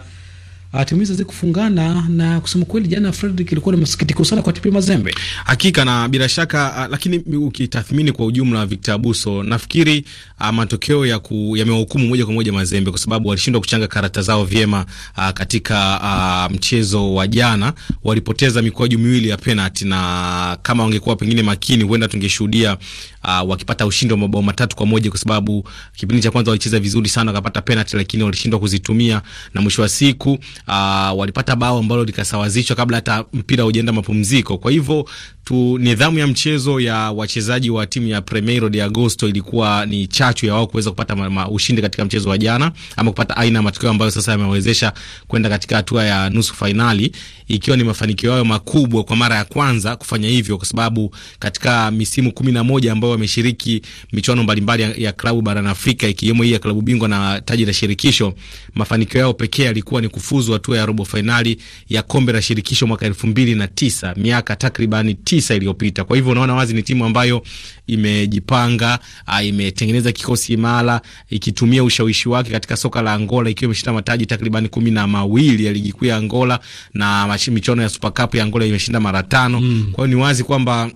timu hizi kufungana na kusema kweli, jana Fredrick, ilikuwa ni masikitiko sana kwa TP Mazembe. Hakika na bila shaka ah, lakini ukitathmini kwa ujumla, Victor Abuso, nafikiri ah, matokeo ya yamewahukumu moja kwa moja Mazembe kwa sababu walishindwa kuchanga karata zao vyema ah, katika a, mchezo wa jana walipoteza mikwaju miwili ya penalti, na kama wangekuwa pengine makini, huenda tungeshuhudia uh, wakipata ushindi wa mabao matatu kwa moja kwa sababu kipindi cha kwanza walicheza vizuri sana, wakapata penalty lakini walishindwa kuzitumia, na mwisho wa siku uh, walipata bao ambalo likasawazishwa kabla hata mpira hujaenda mapumziko. Kwa hivyo tu nidhamu ya mchezo ya wachezaji wa timu ya Primeiro de Agosto ilikuwa ni chachu ya wao kuweza kupata ma, ma, ushindi katika mchezo wa jana ama kupata aina ya matokeo ambayo sasa yamewezesha kwenda katika hatua ya nusu fainali, ikiwa ni mafanikio yao makubwa kwa mara ya kwanza kufanya hivyo, kwa sababu katika misimu kumi na moja ambayo wameshiriki michuano mbalimbali ya, ya klabu barani Afrika ikiwemo hii ya klabu bingwa na taji la shirikisho, mafanikio yao pekee yalikuwa ni kufuzu hatua ya robo fainali ya kombe la shirikisho mwaka elfu mbili na tisa miaka takribani tisa tisa iliyopita. Kwa hivyo unaona wazi ni timu ambayo imejipanga, ah, imetengeneza kikosi imara, ikitumia ushawishi wake katika soka la Angola, ikiwa imeshinda mataji takriban kumi na mawili ya ligi kuu ya Angola na michuano ya Super Cup ya Angola imeshinda mara tano. Mm. Kwa hiyo ni wazi kwamba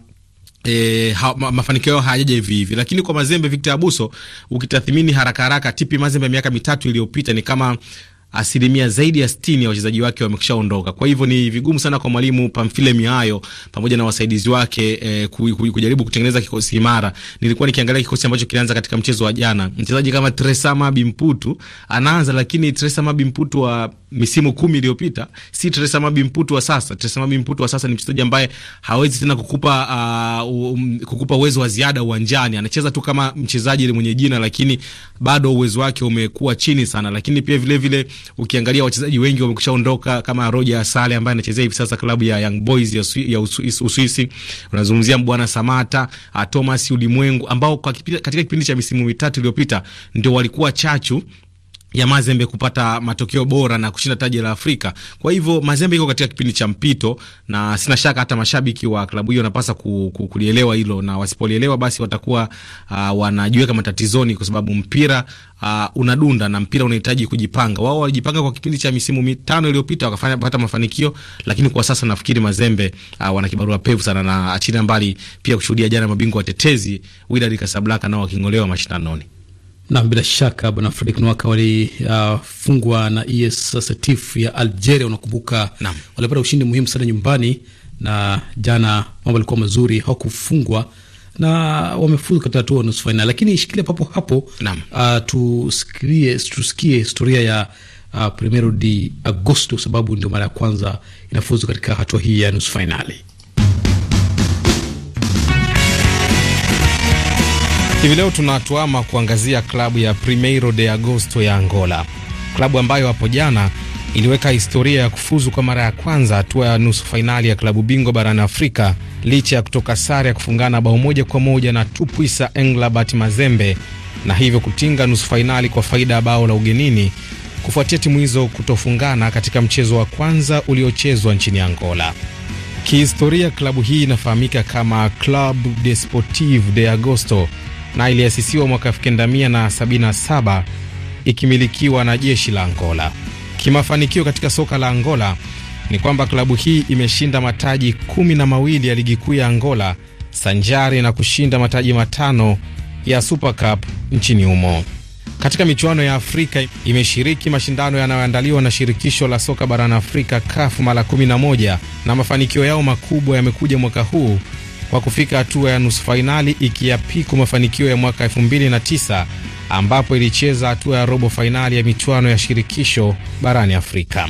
E, ha, ma, mafanikio yao hayajaja hivi hivi, lakini kwa Mazembe Victor Abuso, ukitathmini haraka haraka, TP Mazembe miaka mitatu iliyopita ni kama asilimia zaidi ya sitini ya wachezaji wake wameshaondoka. Kwa hivyo ni vigumu sana kwa mwalimu Pamphile Mihayo pamoja na wasaidizi wake eh, kujaribu kutengeneza kikosi imara. Nilikuwa nikiangalia kikosi ambacho kilianza katika mchezo wa jana. Mchezaji kama Tresa Mabi Mputu anaanza, lakini Tresa Mabi Mputu wa misimu kumi iliyopita si Tresa Mabi Mputu wa sasa. Tresa Mabi Mputu wa sasa ni mchezaji ambaye hawezi tena kukupa uh, um, kukupa uwezo wa ziada uwanjani. Anacheza tu kama mchezaji mwenye jina, lakini bado uwezo wake umekuwa chini sana, lakini pia vilevile vile, ukiangalia wachezaji wengi ondoka kama Roger Sale ambaye anachezea hivi sasa klabu ya Young Boys ya, ya Uswisi. Unazungumzia Mbwana Samata, ah, Thomas Ulimwengu ambao kwa kipita, katika kipindi cha misimu mitatu iliyopita ndio walikuwa chachu ya Mazembe kupata matokeo bora na kushinda taji la Afrika. Kwa hivyo Mazembe iko katika kipindi cha mpito, na sina shaka hata mashabiki wa klabu hiyo wanapasa ku, ku, kulielewa hilo, na wasipolielewa basi watakuwa uh, wanajiweka matatizoni, kwa sababu mpira uh, unadunda na mpira unahitaji kujipanga. Wao walijipanga kwa kipindi cha misimu mitano iliyopita wakafanya pata mafanikio, lakini kwa sasa nafikiri Mazembe uh, wana kibarua pevu sana, na achilia mbali pia kushuhudia jana mabingwa watetezi Wydad Casablanca nao wakingolewa mashindanoni. Nam, bila shaka bwana Fredrik Nwaka walifungwa uh, na ES Satif ya Algeria. Unakumbuka walipata ushindi muhimu sana nyumbani, na jana mambo yalikuwa mazuri, hawakufungwa na wamefuzu katika hatua ya nusu fainali. Lakini shikilia papo hapo uh, tusikie, tusikie historia ya uh, Primero de Agosto, sababu ndio mara ya kwanza inafuzu katika hatua hii ya nusu fainali. Hivi leo tunatuama kuangazia klabu ya Primeiro de Agosto ya Angola, klabu ambayo hapo jana iliweka historia ya kufuzu kwa mara ya kwanza hatua ya nusu fainali ya klabu bingwa barani Afrika licha ya kutoka sare ya kufungana bao moja kwa moja na Tupuisa englabat Mazembe na hivyo kutinga nusu fainali kwa faida ya bao la ugenini kufuatia timu hizo kutofungana katika mchezo wa kwanza uliochezwa nchini Angola. Kihistoria, klabu hii inafahamika kama Club Desportivo de Agosto na iliasisiwa mwaka 1977 ikimilikiwa na jeshi la Angola. Kimafanikio katika soka la Angola ni kwamba klabu hii imeshinda mataji kumi na mawili ya ligi kuu ya Angola sanjari na kushinda mataji matano ya Super Cup nchini humo. Katika michuano ya Afrika imeshiriki mashindano yanayoandaliwa na shirikisho la soka barani Afrika CAF mara 11 na mafanikio yao makubwa yamekuja mwaka huu kwa kufika hatua ya nusu fainali ikiyapiku mafanikio ya mwaka 2009 ambapo ilicheza hatua ya robo fainali ya michuano ya shirikisho barani Afrika.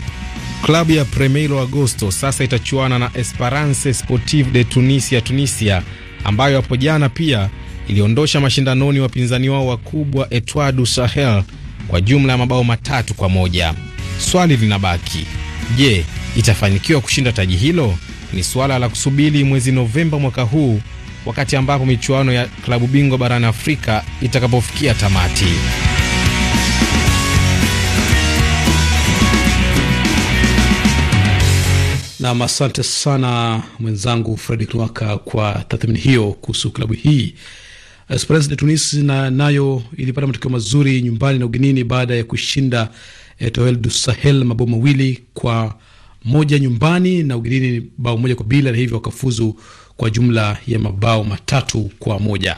Klabu ya Premeiro Agosto sasa itachuana na Esperance Sportive de Tunisia Tunisia, ambayo hapo jana pia iliondosha mashindanoni wapinzani wao wakubwa Etoile du Sahel kwa jumla ya mabao matatu kwa moja. Swali linabaki, je, itafanikiwa kushinda taji hilo? ni suala la kusubiri mwezi Novemba mwaka huu, wakati ambapo michuano ya klabu bingwa barani Afrika itakapofikia tamati. Nam, asante sana mwenzangu Fredrick Nwaka kwa tathmini hiyo kuhusu klabu hii. Esperance eh, de Tunis na nayo ilipata matokeo mazuri nyumbani na ugenini baada ya kushinda Etoile eh, du Sahel mabao mawili kwa moja nyumbani na Ugiriki bao moja kwa bila, na hivyo wakafuzu kwa jumla ya mabao matatu kwa moja.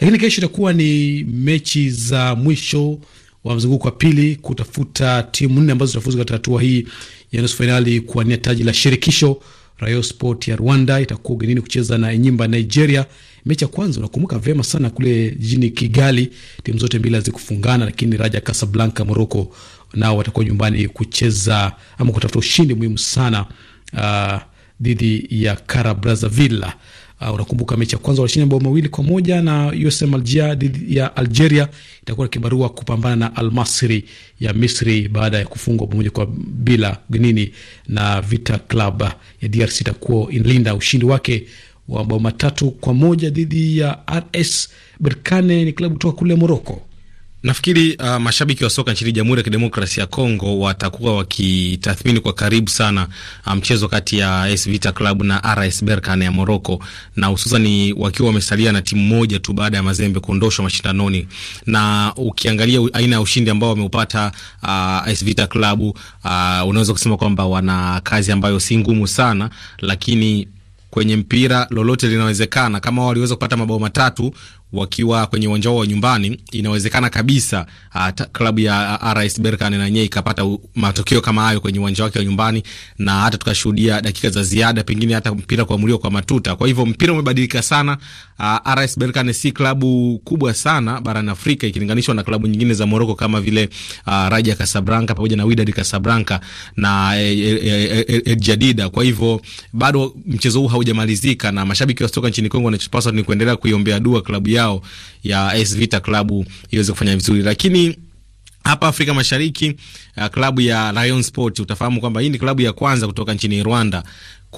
Lakini kesho itakuwa ni mechi za mwisho wa mzunguko wa pili kutafuta timu nne ambazo zitafuzu katika hatua hii ya nusu fainali kuwania taji la shirikisho. Rayo Sport ya Rwanda itakuwa ugenini kucheza na Enyimba Nigeria. Mechi ya kwanza unakumbuka vema sana kule jijini Kigali, timu zote mbili hazikufungana, lakini Raja Casablanca Morocco nao watakuwa nyumbani kucheza ama kutafuta ushindi muhimu sana uh, dhidi ya Kara Brazzaville. Uh, unakumbuka mechi ya kwanza walishinda mabao mawili kwa moja na USM Algeria dhidi ya Algeria. Itakuwa na kibarua kupambana na Almasri ya Misri baada ya kufungwa pamoja kwa bila gnini na Vita Club ya DRC itakuwa inlinda ushindi wake wa mabao matatu kwa moja dhidi ya RS Berkane, ni klabu kutoka kule Moroko. Nafikiri uh, mashabiki wa soka nchini Jamhuri ya Kidemokrasia ya Kongo watakuwa wakitathmini kwa karibu sana uh, mchezo um, kati ya AS Vita Club na RS Berkane ya Morocco, na hususani wakiwa wamesalia na timu moja tu baada ya Mazembe kuondoshwa mashindanoni. Na ukiangalia aina ya ushindi ambao wameupata uh, AS Vita Club uh, unaweza kusema kwamba wana kazi ambayo si ngumu sana, lakini kwenye mpira lolote linawezekana. Kama waliweza kupata mabao matatu wakiwa kwenye uwanja wao wa nyumbani, inawezekana kabisa ah, klabu ya ah, RS Berkane na yeye ikapata matokeo kama hayo kwenye uwanja wake wa nyumbani, na hata tukashuhudia dakika za ziada, pengine hata mpira kuamuliwa kwa matuta. Kwa hivyo mpira umebadilika sana. Uh, ah, RS Berkane si klabu kubwa sana barani Afrika ikilinganishwa na klabu nyingine za Moroko kama vile uh, Raja Casablanca pamoja na Wydad Casablanca na eh, eh, eh, El e, e, e, eh, Jadida. Kwa hivyo bado mchezo huu haujamalizika, na mashabiki wasitoka nchini Kongo wanachopaswa ni kuendelea kuiombea dua klabu yao ya AS Vita klabu iweze kufanya vizuri, lakini hapa Afrika Mashariki uh, klabu ya Lion Sport utafahamu kwamba hii ni klabu ya kwanza kutoka nchini Rwanda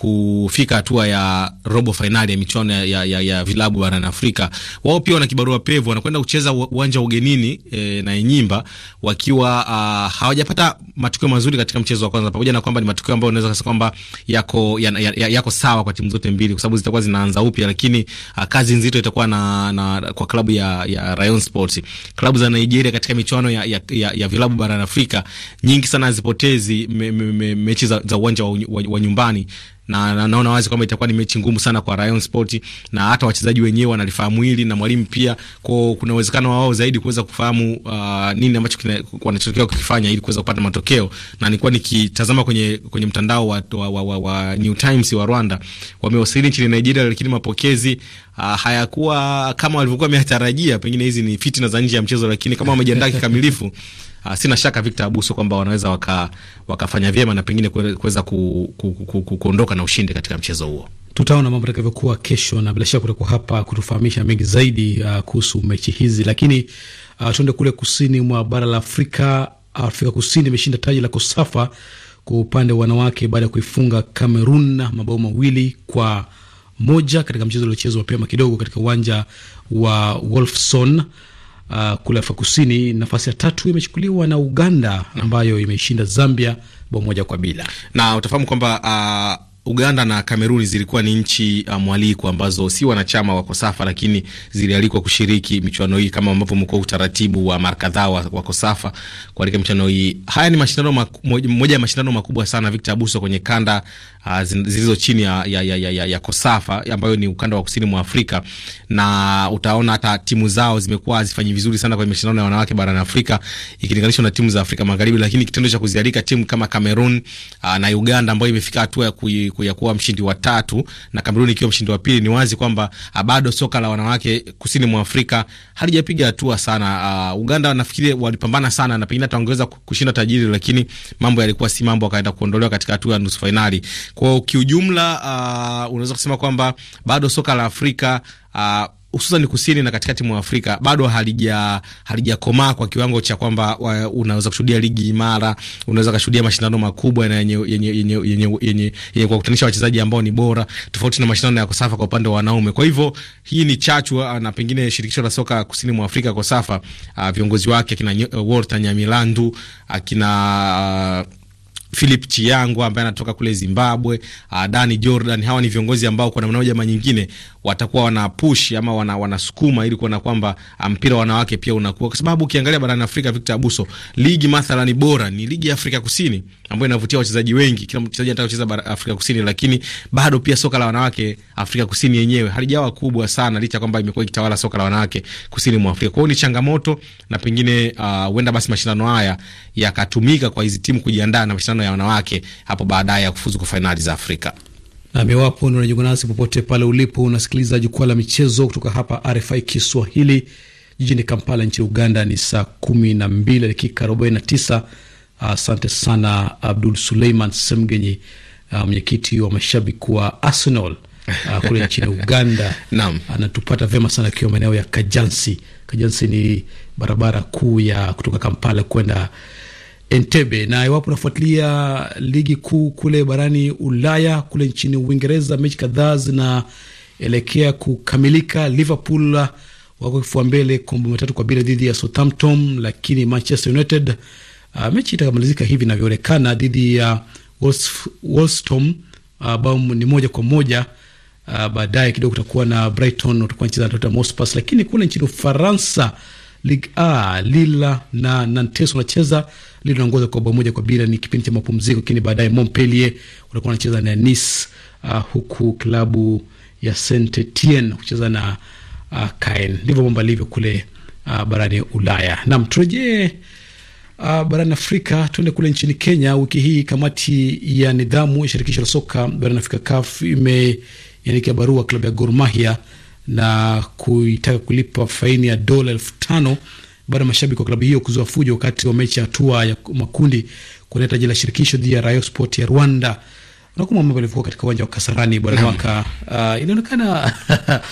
kufika hatua ya robo fainali ya michuano ya, ya, ya ya vilabu barani Afrika. Wao pia wana kibarua pevu, wanakwenda kucheza uwanja wa ugenini e, na Enyimba wakiwa uh, hawajapata matokeo mazuri katika mchezo wa kwanza, pamoja na kwamba ni matokeo ambayo unaweza kusema kwamba yako, ya, ya, ya, yako sawa kwa timu zote mbili, kwa sababu zitakuwa zinaanza upya, lakini uh, kazi nzito itakuwa na, na kwa klabu ya, ya Rayon Sports. Klabu za Nigeria katika michuano ya, ya, ya, ya vilabu barani Afrika nyingi sana hazipotezi me, me, me, me, za uwanja wa, wa, wa nyumbani na, naona wazi kwamba itakuwa ni mechi ngumu sana kwa Rayon Sport na hata wachezaji wenyewe wanalifahamu hili na mwalimu pia, kwa kuna uwezekano wao zaidi kuweza kufahamu uh, nini ambacho wanachotokea kukifanya ili kuweza kupata matokeo. Na nilikuwa nikitazama kwenye kwenye mtandao wa, wa, wa, wa, wa New Times wa Rwanda, wamewasili nchini Nigeria, lakini mapokezi uh, hayakuwa kama walivyokuwa wametarajia. Pengine hizi ni fitina za nje ya mchezo, lakini kama wamejiandaa kikamilifu uh, sina shaka Victor Abuso kwamba wanaweza waka, wakafanya vyema na pengine kuweza ku, ku, ku, ku, kuondoka na ushindi katika mchezo huo. Tutaona mambo atakavyokuwa kesho, na bila shaka kutakuwa hapa kutufahamisha mengi zaidi uh, kuhusu mechi hizi, lakini uh, tuende kule kusini mwa bara la Afrika. Afrika Kusini imeshinda taji la Kosafa kwa upande wa wanawake baada ya kuifunga Cameroon mabao mawili kwa moja katika mchezo uliochezwa mapema kidogo katika uwanja wa Wolfson uh, kule Afrika Kusini. Nafasi ya tatu imechukuliwa na Uganda ambayo imeshinda Zambia bao moja kwa bila, na utafahamu kwamba uh Uganda na Kameruni zilikuwa ni nchi uh, mwaliko ambazo si wanachama wa Kosafa, lakini zilialikwa kushiriki michuano hii kama ambavyo umekuwa utaratibu wa mara kadhaa wa, wa Kosafa kualika michuano hii. Haya ni mashindano moja ya mashindano makubwa sana, Victor Abuso, kwenye kanda uh, zilizo chini ya, ya, ya, ya, ya ya Kosafa ambayo ni ukanda wa kusini mwa Afrika, na utaona hata timu zao zimekuwa hazifanyi vizuri sana kwenye mashindano ya wanawake barani Afrika ikilinganishwa na timu za Afrika Magharibi, lakini kitendo cha kuzialika timu kama Kamerun uh, na Uganda ambayo imefika hatua ya ya kuwa mshindi wa tatu na Kameruni ikiwa mshindi wa pili, ni wazi kwamba ah, bado soka la wanawake kusini mwa Afrika halijapiga hatua sana. Uh, Uganda nafikiri walipambana sana na pengine hata wangeweza kushinda tajiri, lakini mambo yalikuwa si mambo, wakaenda kuondolewa katika hatua ya nusu fainali. Kwa kiujumla, uh, unaweza kusema kwamba bado soka la Afrika uh, hususan kusini na katikati mwa Afrika bado halija halijakomaa kwa kiwango cha kwamba unaweza kushuhudia ligi imara, unaweza kushuhudia mashindano makubwa na yenye yenye yenye yenye yenye yenye kutanisha wachezaji ambao ni bora, tofauti na mashindano ya Kosafa kwa upande wa wanaume. Kwa hivyo hii ni chachu, ah, na pengine shirikisho la soka kusini mwa Afrika Kosafa, ah, viongozi wake akina Walter Nyamilandu akina Philip Chiangwa ambaye anatoka kule Zimbabwe, uh, Dani Jordan. Hawa ni viongozi ambao kwa namna moja ama nyingine watakuwa wana push ama wana wanasukuma ili kuona kwamba uh, mpira wa wanawake pia unakuwa, kwa sababu ukiangalia barani Afrika, Victor Abuso, ligi mathalani bora ni ligi ya Afrika Kusini ambayo inavutia wachezaji wengi, kila mchezaji anataka kucheza Afrika Kusini, lakini bado pia soka la wanawake Afrika Kusini yenyewe halijawa kubwa sana, licha kwamba imekuwa ikitawala soka la wanawake kusini mwa Afrika. Kwa hiyo ni changamoto na pengine uh, huenda uh, basi mashindano haya yakatumika kwa hizi timu kujiandaa na mashindano michuano ya wanawake hapo baadaye ya kufuzu kwa fainali za Afrika. Nami ni unajiunga nasi popote pale ulipo, unasikiliza jukwaa la michezo kutoka hapa RFI Kiswahili jijini Kampala nchini Uganda. Ni saa kumi na mbili dakika arobaini na tisa. Asante sana Abdul Suleiman Semgenyi, uh, mwenyekiti wa mashabiki wa Arsenal uh, kule nchini Uganda. Naam, anatupata vyema sana akiwa maeneo ya Kajansi. Kajansi ni barabara kuu ya kutoka Kampala kwenda Entebbe. Na iwapo unafuatilia ligi kuu kule barani Ulaya, kule nchini Uingereza, mechi kadhaa zinaelekea kukamilika. Liverpool uh, wako kifua mbele kwa mabao matatu kwa bila dhidi ya Southampton, lakini Manchester United uh, mechi itakamalizika hivi inavyoonekana dhidi ya Wolstom ambao uh, ni moja kwa moja. Uh, baadaye kidogo kutakuwa na Brighton watakuwa wanacheza na Tottenham Hotspur, lakini kule nchini Ufaransa Ligue A, Lille na Nantes wanacheza linaongoza kwa bao moja kwa bila, ni kipindi cha mapumziko, lakini baadaye Montpellier walikuwa wanacheza na Nice, uh, huku klabu ya Saint Etienne kucheza na uh, Caen. Ndivyo mambo alivyo kule uh, barani Ulaya. Naam, turejee Uh, barani Afrika tuende kule nchini Kenya. Wiki hii kamati ya nidhamu ya shirikisho la soka barani Afrika CAF imeiandikia barua klabu ya Gor Mahia na kuitaka kulipa faini ya dola elfu tano baada ya mashabiki wa klabu hiyo kuzua fujo wakati wa mechi ya hatua ya makundi kuleta taji la shirikisho dhidi ya Rayon Sport ya Rwanda. Nakumbuka mambo yalivyokuwa katika uwanja wa Kasarani bwana mwaka uh,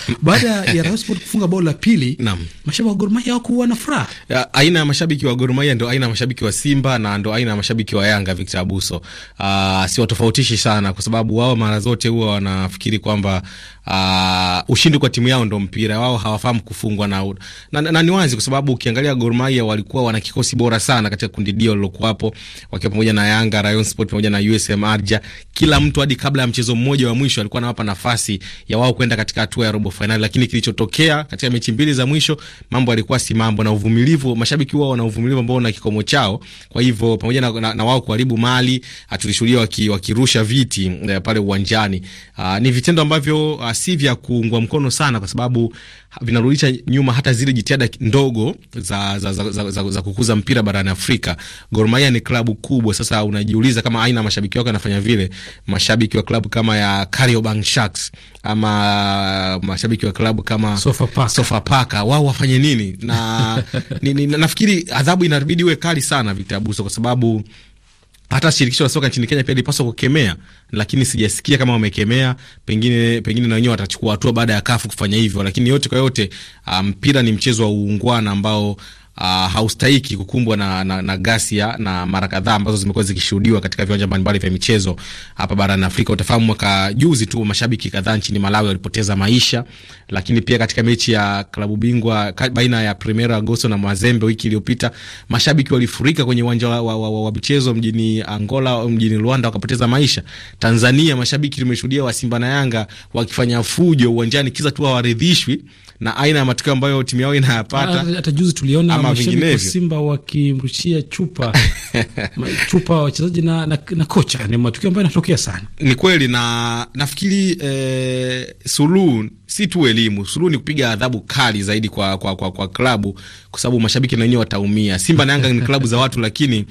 baada ya Rayon Sport kufunga bao la pili, mashabiki wa Gor Mahia hawakuwa na furaha. Aina ya mashabiki wa Gor Mahia ndio aina ya mashabiki wa Simba na ndio aina ya mashabiki wa Yanga, Victor Abuso. Uh, siwatofautishi sana kwa sababu wao mara zote huwa wanafikiri kwamba uh, ushindi kwa timu yao ndo mpira wao, hawafahamu kufungwa na, na, na, na ni wazi, kwa sababu ukiangalia Gor Mahia walikuwa wana kikosi bora sana katika kundi dio lilokuwapo, wakiwa pamoja na Yanga, Rayon Sport pamoja na USM Arja. Kila mtu hadi kabla ya mchezo mmoja wa mwisho alikuwa anawapa nafasi ya wao kwenda katika hatua ya robo fainali, lakini kilichotokea katika mechi mbili za mwisho mambo yalikuwa si mambo, na uvumilivu, mashabiki wao wana uvumilivu ambao na kikomo chao. Kwa hivyo pamoja na, na, na wao kuharibu mali, tulishuhudia wakirusha waki viti eh, pale uwanjani. uh, ni vitendo ambavyo uh, si vya kuungwa mkono sana, kwa sababu vinarudisha nyuma hata zile jitihada ndogo za, za, za, za, za, za kukuza mpira barani Afrika. Gor Mahia ni klabu kubwa. Sasa unajiuliza kama aina mashabiki wake anafanya vile, mashabiki wa klabu kama ya Kariobangi Sharks ama mashabiki wa klabu kama Sofapaka, Sofapaka wao wafanye nini? Na ni, ni, nafikiri adhabu inabidi iwe kali sana, Victor Abuso, kwa sababu hata shirikisho la soka nchini Kenya pia lipaswa kukemea, lakini sijasikia kama wamekemea. Pengine pengine na wenyewe watachukua hatua baada ya kafu kufanya hivyo, lakini yote kwa yote ah, mpira um, ni mchezo wa uungwana ambao uh, haustahiki kukumbwa na, na, na ghasia na mara kadhaa ambazo zimekuwa zikishuhudiwa katika viwanja mbalimbali vya michezo hapa barani Afrika. Utafahamu mwaka juzi tu mashabiki kadhaa nchini Malawi walipoteza maisha, lakini pia katika mechi ya klabu bingwa baina ya Primera Agosto na Mazembe wiki iliyopita mashabiki walifurika kwenye uwanja wa, wa, wa, wa michezo mjini Angola, mjini Rwanda wakapoteza maisha. Tanzania mashabiki tumeshuhudia wa Simba na Yanga wakifanya fujo uwanjani, kisa tu hawaridhishwi wa na aina ya matokeo ambayo timu yao inayapata. Ah, hata juzi tuliona mashabiki Simba wakimrushia chupa chupa wachezaji na, na, na kocha. Ni matukio ambayo yanatokea sana. Ni kweli, na nafikiri eh, suluhu si tu elimu, suluhu ni kupiga adhabu kali zaidi kwa, kwa, kwa, kwa klabu, kwa sababu mashabiki na wenyewe wataumia. Simba na Yanga ni klabu za watu lakini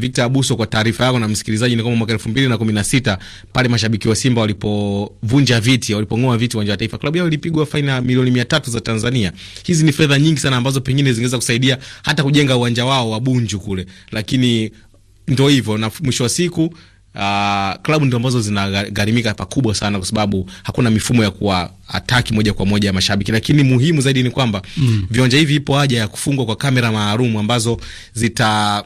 Victor Abuso, kwa taarifa yako na msikilizaji, ni kama mwaka 2016 pale mashabiki wa Simba walipovunja viti, walipong'oa viti uwanja wa Taifa, klabu yao ilipigwa faini milioni 300 za Tanzania. Hizi ni fedha nyingi sana ambazo pengine zingeweza kusaidia hata kujenga uwanja wao wa Bunju kule, lakini ndio hivyo, na mwisho wa siku Uh, klabu ndio ambazo zinagharimika pakubwa sana kwa sababu hakuna mifumo ya kuwa ataki moja kwa moja ya mashabiki, lakini muhimu zaidi ni kwamba mm, viwanja hivi ipo haja ya kufungwa kwa kamera maalum ambazo zita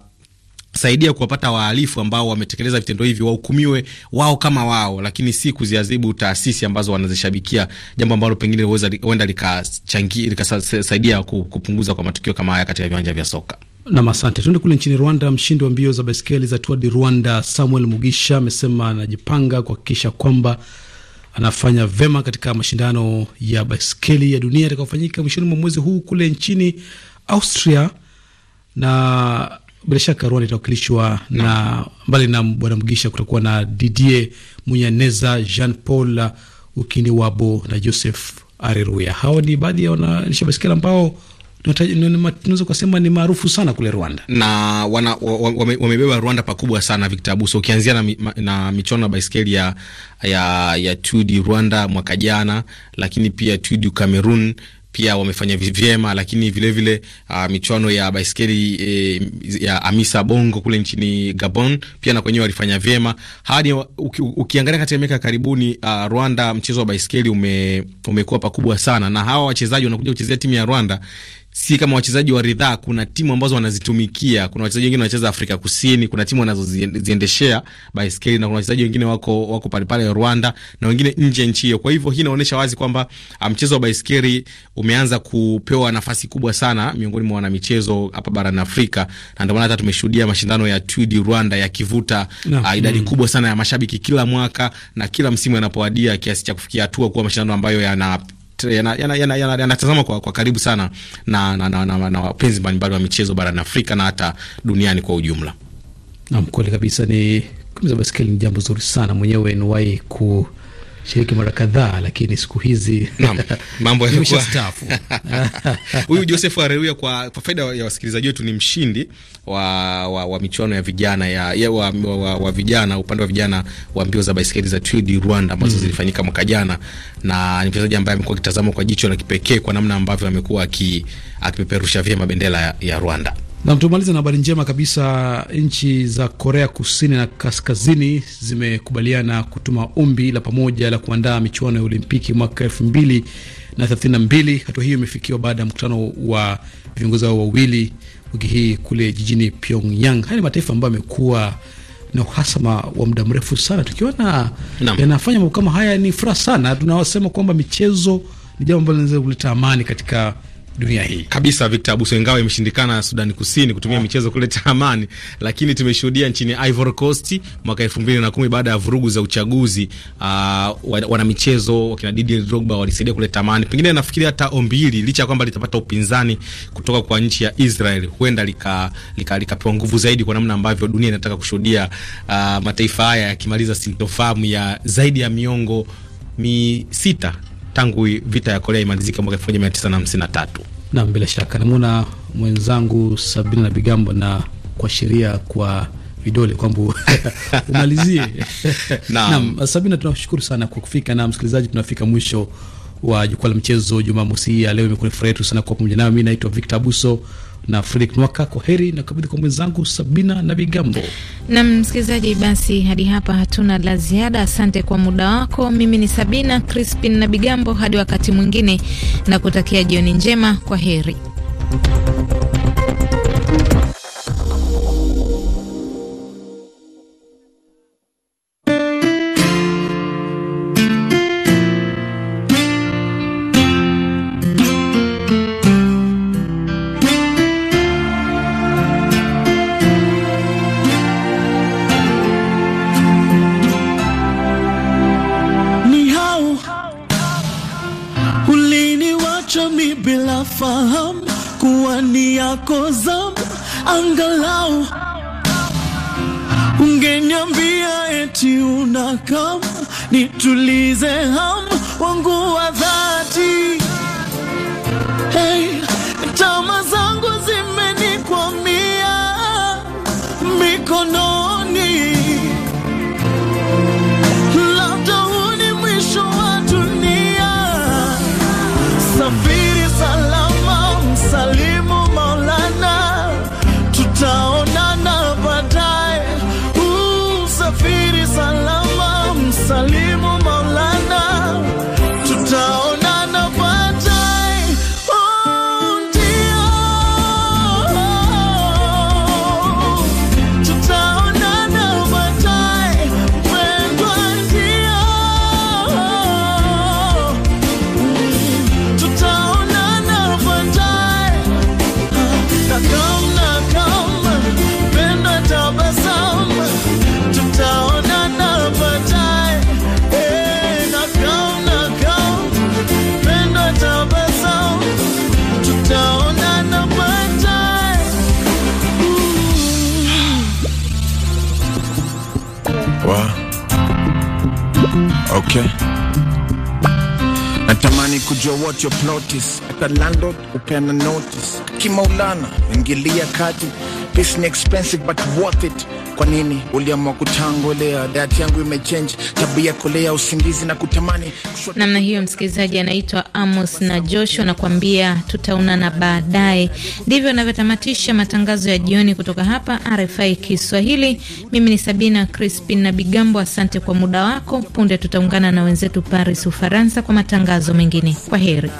saidia kuwapata wahalifu ambao wametekeleza vitendo hivi wahukumiwe wao kama wao, lakini si kuziadhibu taasisi ambazo wanazishabikia, jambo ambalo pengine huenda likachangia likasaidia kupunguza kwa matukio kama haya katika viwanja vya soka. Na asante. Tuende kule nchini Rwanda. Mshindi wa mbio za baiskeli za Tour du Rwanda Samuel Mugisha amesema anajipanga kuhakikisha kwamba anafanya vema katika mashindano ya baiskeli ya dunia yatakayofanyika mwishoni mwa mwezi huu kule nchini Austria na bila shaka Rwanda itawakilishwa na, mbali na bwana Mgisha kutakuwa na Didier Munyaneza, Jean Paul Ukini Wabo na Joseph Areruya. Hawa ni baadhi ya wanaendesha baiskeli ambao tunaweza kusema ni maarufu sana kule Rwanda na wana, wame, wamebeba Rwanda pakubwa sana Victor Abuso, ukianzia na, na michuano ya baiskeli ya ya, ya Tour du Rwanda mwaka jana, lakini pia Tour du Cameroon pia wamefanya vyema, lakini vilevile vile, uh, michuano ya baiskeli e, ya Amisa Bongo kule nchini Gabon pia na kwenyewe walifanya vyema hadi uki, ukiangalia katika miaka ya karibuni uh, Rwanda mchezo wa baiskeli ume, umekuwa pakubwa sana na hawa wachezaji wanakuja kuchezea timu ya Rwanda si kama wachezaji wa ridhaa, kuna timu ambazo wanazitumikia. Kuna wachezaji wengine wanacheza Afrika Kusini, kuna timu wanazoziendeshea baiskeli, na kuna wachezaji wengine wako wako palepale Rwanda na wengine nje nchi hiyo. Kwa hivyo hii inaonyesha wazi kwamba ah, mchezo wa baiskeli umeanza kupewa nafasi kubwa sana miongoni mwa wanamichezo hapa barani Afrika, na ndio maana hata tumeshuhudia mashindano ya Tour du Rwanda yakivuta no, uh, ah, idadi mm, kubwa sana ya mashabiki kila mwaka na kila msimu yanapoadia, kiasi cha kufikia hatua kuwa mashindano ambayo yana yanatazama yana, yana, yana kwa, kwa karibu sana na, na, na, na, na wapenzi mbalimbali wa michezo barani Afrika na hata duniani kwa ujumla. Naam, kweli kabisa ni kumiza baskeli ni jambo zuri sana mwenyewe niwahi ku shiriki mara kadhaa, lakini siku hizi mambo yamekuwa. Huyu Joseph Areruya, kwa, kwa faida ya wasikilizaji wetu, ni mshindi wa, wa, wa michuano ya vijana ya, ya wa, wa, wa, wa vijana upande wa vijana wa mbio za baiskeli za Tour du Rwanda ambazo mm, zilifanyika mwaka jana, na ni mchezaji ambaye amekuwa akitazamwa kwa jicho la kipekee kwa namna ambavyo amekuwa akipeperusha vyema bendera ya, ya Rwanda. Na tumaliza na habari njema kabisa. Nchi za Korea Kusini na Kaskazini zimekubaliana kutuma ombi la pamoja la kuandaa michuano ya Olimpiki mwaka elfu mbili na thelathini na mbili. Hatua hiyo imefikiwa baada ya mkutano wa viongozi hao wawili wiki hii kule jijini Pyongyang. Haya ni mataifa ambayo amekuwa na uhasama wa muda mrefu sana, tukiona yanafanya mambo kama haya ni furaha sana. Tunawasema kwamba michezo ni jambo ambalo linaweza kuleta amani katika dunia hii kabisa. Victor Abuso, ingawa imeshindikana Sudani Kusini kutumia ah. michezo kuleta amani, lakini tumeshuhudia nchini Ivory Coast mwaka elfu mbili na kumi baada ya vurugu za uchaguzi uh, wanamichezo wakina Didier Drogba walisaidia kuleta amani. Pengine nafikiri hata ombi hili licha ya kwamba litapata upinzani kutoka kwa nchi ya Israel huenda likapewa lika, lika nguvu zaidi kwa namna ambavyo dunia inataka kushuhudia uh, mataifa haya yakimaliza sintofahamu ya zaidi ya miongo mi sita tangu vita ya Korea imalizike mwaka 1953. Naam, bila shaka namwona mwenzangu Sabina na Bigambo na kuashiria kwa vidole kwamba umalizie. Naam, Sabina, tunashukuru sana kwa kufika, na msikilizaji, tunafika mwisho wa jukwaa la mchezo Jumamosi hii ya leo. Imekuwa furaha yetu sana kwa pamoja nayo. mi naitwa Victor Buso na Fredrick Nwaka. Kwa heri na kabidhi kwa mwenzangu Sabina na Bigambo. Na msikilizaji, basi hadi hapa hatuna la ziada. Asante kwa muda wako. Mimi ni Sabina Crispin na Bigambo, hadi wakati mwingine, na kutakia jioni njema. Kwa heri. nitulize hamu wangu wa dhati. Hey, tama zangu zimenikwamia mikononi Okay. Natamani kujua what your plot is. Aka landlord upeana notice. Kimaulana ingilia kati. Peace ni expensive but worth it. Kwa nini uliamua kutangolea? Dati yangu imechange tabia kolea usingizi na kutamani namna hiyo. Msikilizaji anaitwa Amos na Joshua anakuambia tutaonana baadaye. Ndivyo anavyotamatisha matangazo ya jioni kutoka hapa RFI Kiswahili. Mimi ni Sabina Crispin na Bigambo, asante kwa muda wako. Punde tutaungana na wenzetu Paris, Ufaransa, kwa matangazo mengine. Kwa heri.